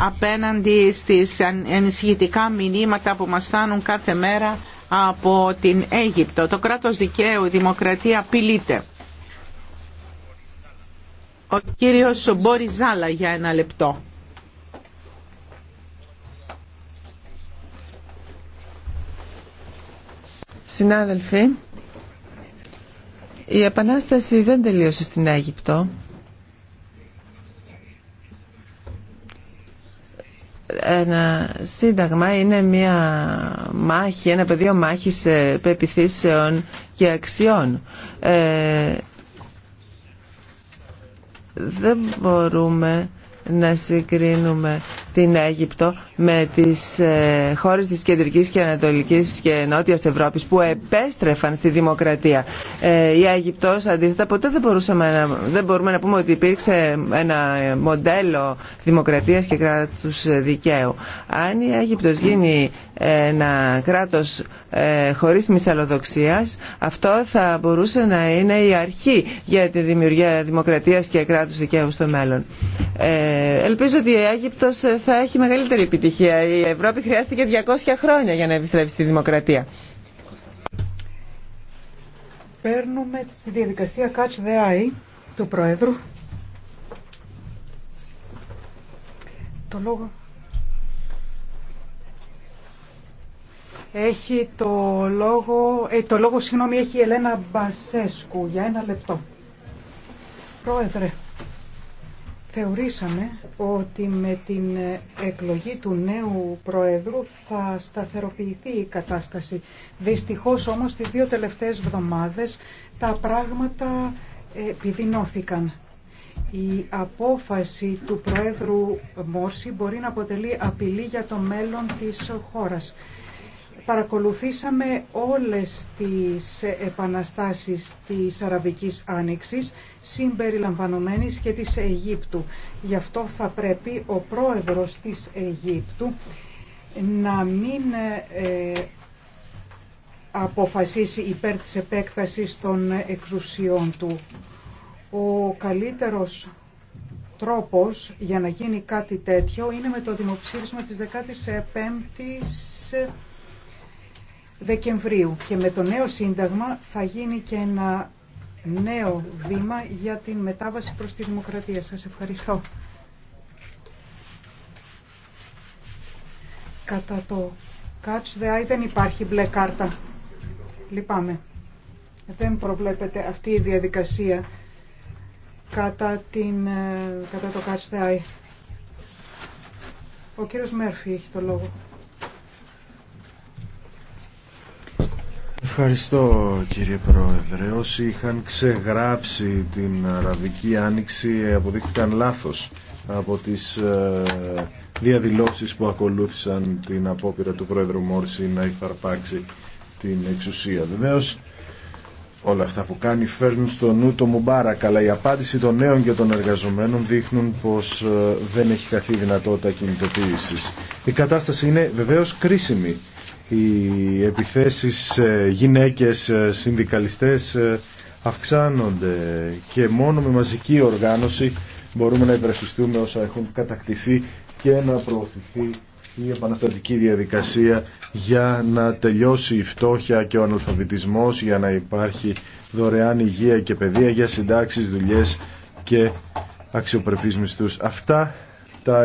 απέναντι στις ενισχυτικά μηνύματα που μας φτάνουν κάθε μέρα από την Αίγυπτο. Το κράτος δικαίου, η δημοκρατία απειλείται. Ο κύριος Μπόρι Ζάλα για ένα λεπτό. Συνάδελφοι, η επανάσταση δεν τελείωσε στην Αίγυπτο. ένα σύνταγμα είναι μια μάχη, ένα πεδίο μάχης ε, πεπιθήσεων και αξιών. Ε, δεν μπορούμε να συγκρίνουμε την Αίγυπτο με τις ε, χώρες της Κεντρικής και Ανατολικής και Νότιας Ευρώπης που επέστρεφαν στη δημοκρατία. Ε, η Αιγυπτός αντίθετα ποτέ δεν, μπορούσαμε να, δεν μπορούμε να πούμε ότι υπήρξε ένα ε, μοντέλο δημοκρατίας και κράτους δικαίου. Αν η Αιγυπτός γίνει ένα κράτος χωρίς μυσαλλοδοξίας αυτό θα μπορούσε να είναι η αρχή για τη δημιουργία δημοκρατίας και κράτους δικαίου στο μέλλον. Ελπίζω ότι η Αίγυπτος θα έχει μεγαλύτερη επιτυχία επιτυχία. Η Ευρώπη χρειάστηκε 200 χρόνια για να επιστρέψει στη δημοκρατία. Παίρνουμε στη διαδικασία Catch the Eye του Προέδρου. Το λόγο. Έχει το λόγο, ε, το λόγο συγγνώμη, έχει η Ελένα Μπασέσκου για ένα λεπτό. Πρόεδρε. Θεωρήσαμε ότι με την εκλογή του νέου Προέδρου θα σταθεροποιηθεί η κατάσταση. Δυστυχώς όμως τις δύο τελευταίες εβδομάδες τα πράγματα επιδεινώθηκαν. Η απόφαση του Προέδρου Μόρση μπορεί να αποτελεί απειλή για το μέλλον της χώρας. Παρακολουθήσαμε όλες τις επαναστάσεις της Αραβικής Άνοιξης, συμπεριλαμβανομένης και της Αιγύπτου. Γι' αυτό θα πρέπει ο πρόεδρος της Αιγύπτου να μην ε, αποφασίσει υπέρ της επέκτασης των εξουσιών του. Ο καλύτερος τρόπος για να γίνει κάτι τέτοιο είναι με το δημοψήφισμα της 15ης Δεκεμβρίου και με το νέο σύνταγμα θα γίνει και ένα νέο βήμα για την μετάβαση προς τη δημοκρατία. Σας ευχαριστώ. Κατά το catch the eye δεν υπάρχει μπλε κάρτα. Λυπάμαι. Δεν προβλέπεται αυτή η διαδικασία κατά, την, ε, κατά το catch the eye. Ο κύριος Μέρφυ έχει το λόγο. Ευχαριστώ κύριε Πρόεδρε. Όσοι είχαν ξεγράψει την Αραβική Άνοιξη ε, αποδείχθηκαν λάθος από τις ε, διαδηλώσεις που ακολούθησαν την απόπειρα του Πρόεδρου Μόρση να υπαρπάξει την εξουσία. Βεβαίω, όλα αυτά που κάνει φέρνουν στο νου το Μουμπάρακ, αλλά η απάντηση των νέων και των εργαζομένων δείχνουν πως ε, δεν έχει χαθεί δυνατότητα κινητοποίησης. Η κατάσταση είναι βεβαίως κρίσιμη οι επιθέσεις ε, γυναίκες ε, συνδικαλιστές ε, αυξάνονται και μόνο με μαζική οργάνωση μπορούμε να υπερασπιστούμε όσα έχουν κατακτηθεί και να προωθηθεί η επαναστατική διαδικασία για να τελειώσει η φτώχεια και ο αναλφαβητισμός, για να υπάρχει δωρεάν υγεία και παιδεία για συντάξεις, δουλειές και αξιοπρεπείς μισθούς. Αυτά τα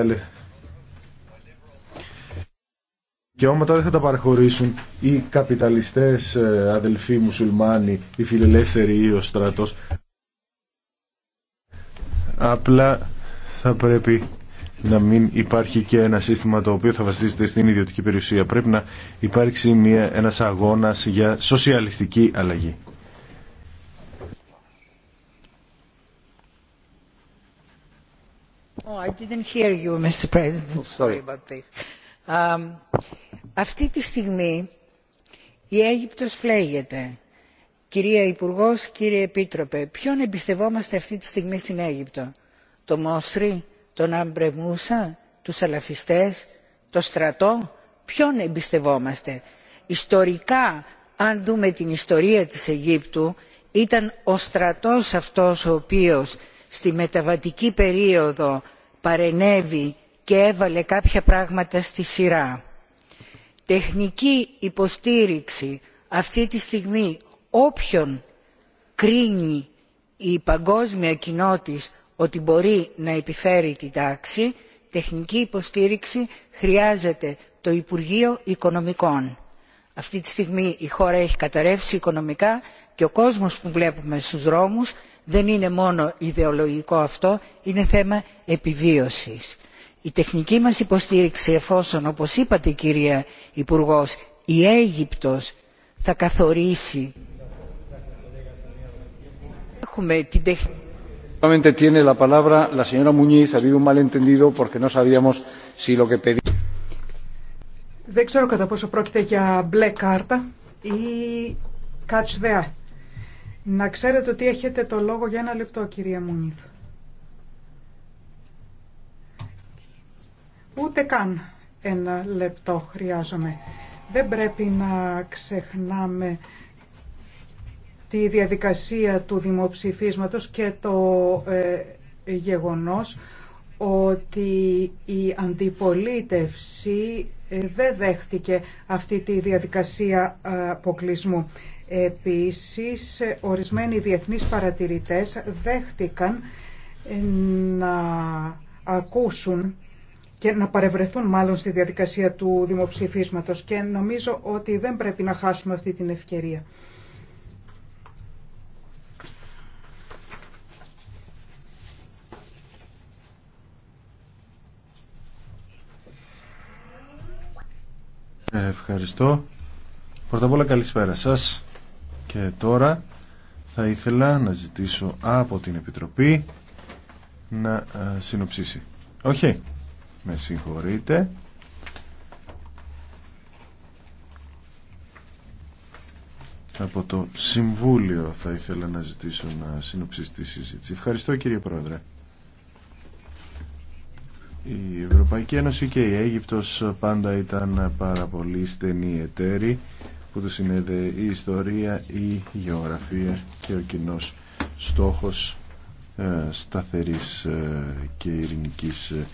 και δικαιώματα δεν θα τα παραχωρήσουν οι καπιταλιστές ε, αδελφοί μουσουλμάνοι, οι φιλελεύθεροι ή ο στρατός. Απλά θα πρέπει να μην υπάρχει και ένα σύστημα το οποίο θα βασίζεται στην ιδιωτική περιουσία. Πρέπει να υπάρξει μια, ένας αγώνας για σοσιαλιστική αλλαγή. Oh, I didn't hear you, Mr. President. Oh, sorry about this. Αυτή τη στιγμή η Αίγυπτος φλέγεται. Κυρία Υπουργό, κύριε Επίτροπε, ποιον εμπιστευόμαστε αυτή τη στιγμή στην Αίγυπτο. Το Μόσρι, τον Αμπρεμούσα, τους αλαφιστές, το στρατό. Ποιον εμπιστευόμαστε. Ιστορικά, αν δούμε την ιστορία της Αιγύπτου, ήταν ο στρατός αυτός ο οποίος στη μεταβατική περίοδο παρενέβη και έβαλε κάποια πράγματα στη σειρά. Τεχνική υποστήριξη αυτή τη στιγμή όποιον κρίνει η παγκόσμια κοινότης ότι μπορεί να επιφέρει την τάξη, τεχνική υποστήριξη χρειάζεται το Υπουργείο Οικονομικών. Αυτή τη στιγμή η χώρα έχει καταρρεύσει οικονομικά και ο κόσμος που βλέπουμε στους δρόμους δεν είναι μόνο ιδεολογικό αυτό, είναι θέμα επιβίωσης η τεχνική μας υποστήριξη εφόσον όπως είπατε κυρία υπουργό η αίγυπτος θα καθορίσει Δεν ξέρω κατά πόσο πρόκειται για μπλε κάρτα ή catch the Να ξέρετε ότι έχετε το λόγο για ένα λεπτό, κυρία Μουνίθ. Ούτε καν ένα λεπτό χρειάζομαι. Δεν πρέπει να ξεχνάμε τη διαδικασία του δημοψηφίσματος και το ε, γεγονός ότι η αντιπολίτευση ε, δεν δέχτηκε αυτή τη διαδικασία ε, αποκλεισμού. Επίσης, ε, ορισμένοι διεθνείς παρατηρητές δέχτηκαν να ακούσουν και να παρευρεθούν μάλλον στη διαδικασία του δημοψηφίσματος και νομίζω ότι δεν πρέπει να χάσουμε αυτή την ευκαιρία. Ευχαριστώ. Πρώτα απ' όλα καλησπέρα σας και τώρα θα ήθελα να ζητήσω από την Επιτροπή να ε, συνοψίσει. Όχι με συγχωρείτε. Από το Συμβούλιο θα ήθελα να ζητήσω να συνοψίσει τη συζήτηση. Ευχαριστώ κύριε Πρόεδρε. Η Ευρωπαϊκή Ένωση και η Αίγυπτος πάντα ήταν πάρα πολύ στενή εταίρη που του συνέδε η ιστορία, η γεωγραφία και ο κοινό στόχος ε, σταθερής ε, και ειρηνικής ε,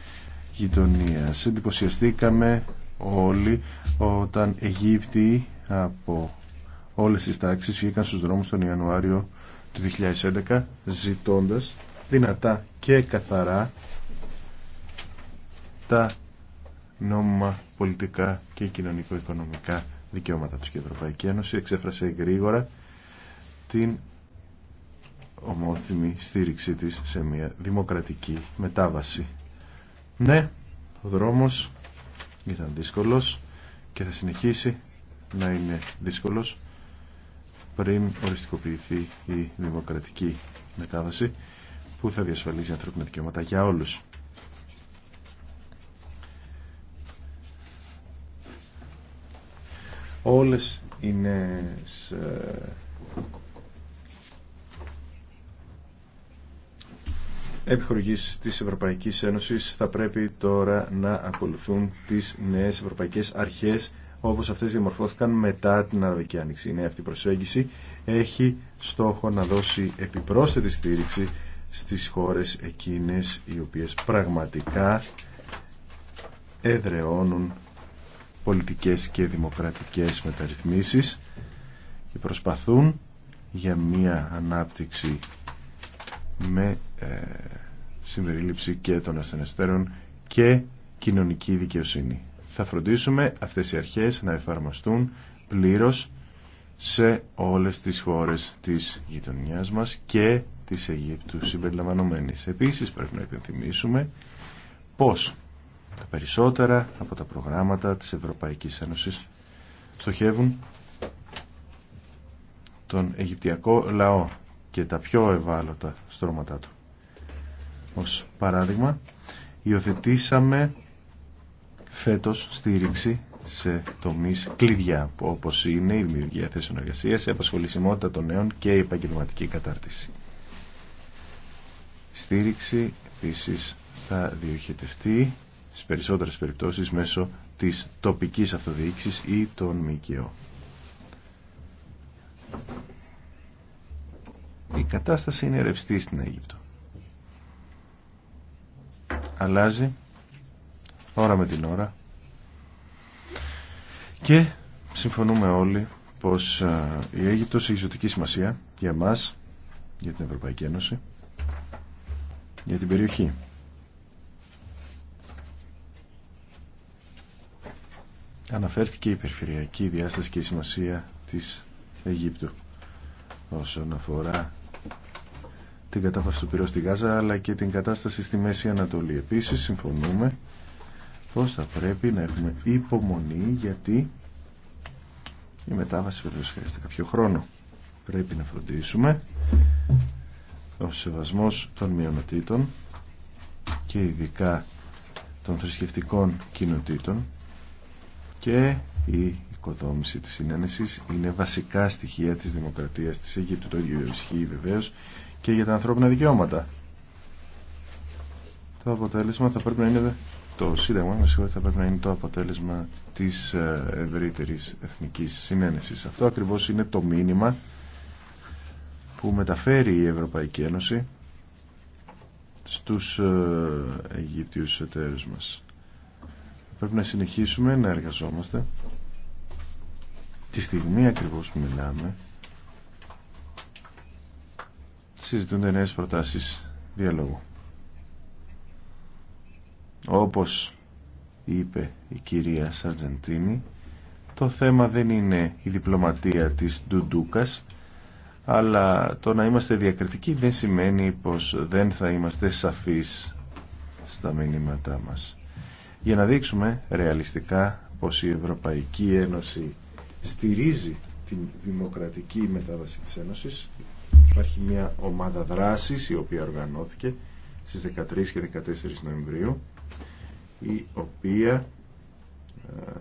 γειτονίας. Εντυπωσιαστήκαμε όλοι όταν Αιγύπτιοι από όλες τις τάξεις βγήκαν στους δρόμους τον Ιανουάριο του 2011 ζητώντας δυνατά και καθαρά τα νόμιμα πολιτικά και κοινωνικο-οικονομικά δικαιώματα τους και η Ευρωπαϊκή Ένωση εξέφρασε γρήγορα την ομόθυμη στήριξή της σε μια δημοκρατική μετάβαση. Ναι, ο δρόμος ήταν δύσκολος και θα συνεχίσει να είναι δύσκολος πριν οριστικοποιηθεί η δημοκρατική μετάβαση που θα διασφαλίζει ανθρώπινα δικαιώματα για όλους. Όλες είναι Επιχορηγής της Ευρωπαϊκής Ένωσης θα πρέπει τώρα να ακολουθούν τις νέες ευρωπαϊκές αρχές όπως αυτές διαμορφώθηκαν μετά την Αραβική Άνοιξη. Η νέα αυτή προσέγγιση έχει στόχο να δώσει επιπρόσθετη στήριξη στις χώρες εκείνες οι οποίες πραγματικά εδρεώνουν πολιτικές και δημοκρατικές μεταρρυθμίσεις και προσπαθούν για μια ανάπτυξη με ε, συμπερίληψη και των ασθενεστέρων και κοινωνική δικαιοσύνη. Θα φροντίσουμε αυτές οι αρχές να εφαρμοστούν πλήρως σε όλες τις χώρες της γειτονιάς μας και της Αιγύπτου συμπεριλαμβανομένης. Επίσης πρέπει να υπενθυμίσουμε πως τα περισσότερα από τα προγράμματα της Ευρωπαϊκής Ένωσης στοχεύουν τον Αιγυπτιακό λαό και τα πιο ευάλωτα στρώματά του. Ως παράδειγμα, υιοθετήσαμε φέτος στήριξη σε τομεί κλειδιά, όπως είναι η δημιουργία θέσεων εργασίας, η απασχολησιμότητα των νέων και η επαγγελματική κατάρτιση. στήριξη επίσης θα διοχετευτεί στις περισσότερες περιπτώσεις μέσω της τοπικής αυτοδιοίκησης ή των ΜΚΟ. Η κατάσταση είναι ρευστή στην Αίγυπτο. Αλλάζει ώρα με την ώρα και συμφωνούμε όλοι πως η Αίγυπτος έχει ζωτική σημασία για μας, για την Ευρωπαϊκή Ένωση, για την περιοχή. Αναφέρθηκε η περιφερειακή διάσταση και η σημασία της Αιγύπτου όσον αφορά την κατάφαση του πυρός στη Γάζα αλλά και την κατάσταση στη Μέση Ανατολή. Επίσης συμφωνούμε πως θα πρέπει να έχουμε υπομονή γιατί η μετάβαση βεβαίως χρειάζεται κάποιο χρόνο. Πρέπει να φροντίσουμε ο σεβασμός των μειονοτήτων και ειδικά των θρησκευτικών κοινοτήτων και η οικοδόμηση της συνένεσης είναι βασικά στοιχεία της δημοκρατίας της Αιγύπτου. Το ίδιο ισχύει βεβαίως και για τα ανθρώπινα δικαιώματα. Το αποτέλεσμα θα πρέπει να είναι το Σύνταγμα, θα πρέπει να είναι το αποτέλεσμα της ε, ευρύτερης εθνικής συνένεσης. Αυτό ακριβώς είναι το μήνυμα που μεταφέρει η Ευρωπαϊκή Ένωση στους ε, Αιγύπτιους εταίρους μας. Πρέπει να συνεχίσουμε να εργαζόμαστε τη στιγμή ακριβώς που μιλάμε συζητούνται νέες προτάσεις διαλόγου. Όπως είπε η κυρία Σαρτζεντίνη, το θέμα δεν είναι η διπλωματία της Ντουντούκας, αλλά το να είμαστε διακριτικοί δεν σημαίνει πως δεν θα είμαστε σαφείς στα μηνύματά μας. Για να δείξουμε ρεαλιστικά πως η Ευρωπαϊκή Ένωση στηρίζει την δημοκρατική μετάβαση της Ένωσης, Υπάρχει μια ομάδα δράσης η οποία οργανώθηκε στις 13 και 14 Νοεμβρίου η οποία ε,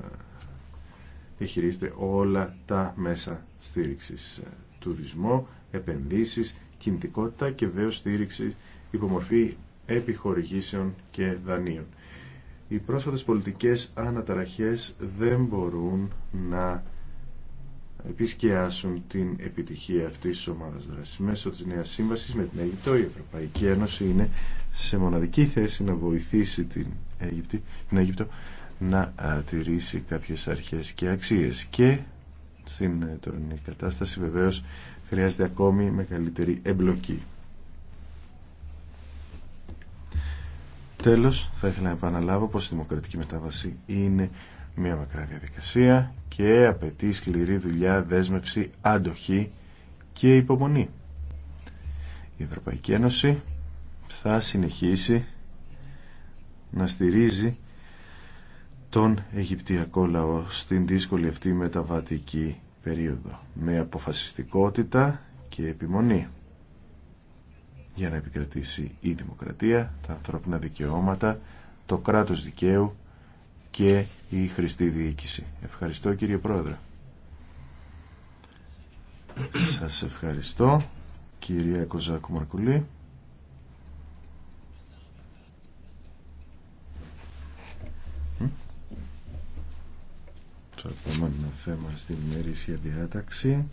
διαχειρίζεται όλα τα μέσα στήριξης ε, τουρισμό, επενδύσεις, κινητικότητα και βέβαια στήριξη υπομορφή επιχορηγήσεων και δανείων. Οι πρόσφατες πολιτικές αναταραχές δεν μπορούν να επισκιάσουν την επιτυχία αυτής της ομάδας δράσης. Μέσω της νέας σύμβασης με την Αίγυπτο η Ευρωπαϊκή Ένωση είναι σε μοναδική θέση να βοηθήσει την, Αίγυπτη, Αίγυπτο να τηρήσει κάποιες αρχές και αξίες. Και στην ε, τωρινή κατάσταση βεβαίως χρειάζεται ακόμη μεγαλύτερη εμπλοκή. Τέλος, θα ήθελα να επαναλάβω πως η δημοκρατική μετάβαση είναι μια μακρά διαδικασία και απαιτεί σκληρή δουλειά, δέσμευση, αντοχή και υπομονή. Η Ευρωπαϊκή Ένωση θα συνεχίσει να στηρίζει τον Αιγυπτιακό λαό στην δύσκολη αυτή μεταβατική περίοδο με αποφασιστικότητα και επιμονή για να επικρατήσει η δημοκρατία, τα ανθρώπινα δικαιώματα, το κράτος δικαίου και η χρηστή διοίκηση. Ευχαριστώ κύριε Πρόεδρε. Σας ευχαριστώ κυρία Κοζάκου Μαρκουλή. Το επόμενο θέμα στην ημερήσια διάταξη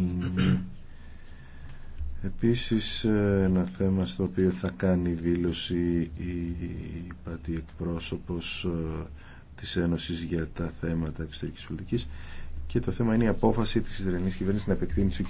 είναι Επίσης ε, ένα θέμα στο οποίο θα κάνει δήλωση η πατή εκπρόσωπος ε, της Ένωσης για τα θέματα εξωτερικής πολιτικής και το θέμα είναι η απόφαση της Ισραηλινής κυβέρνησης να επεκτείνει τους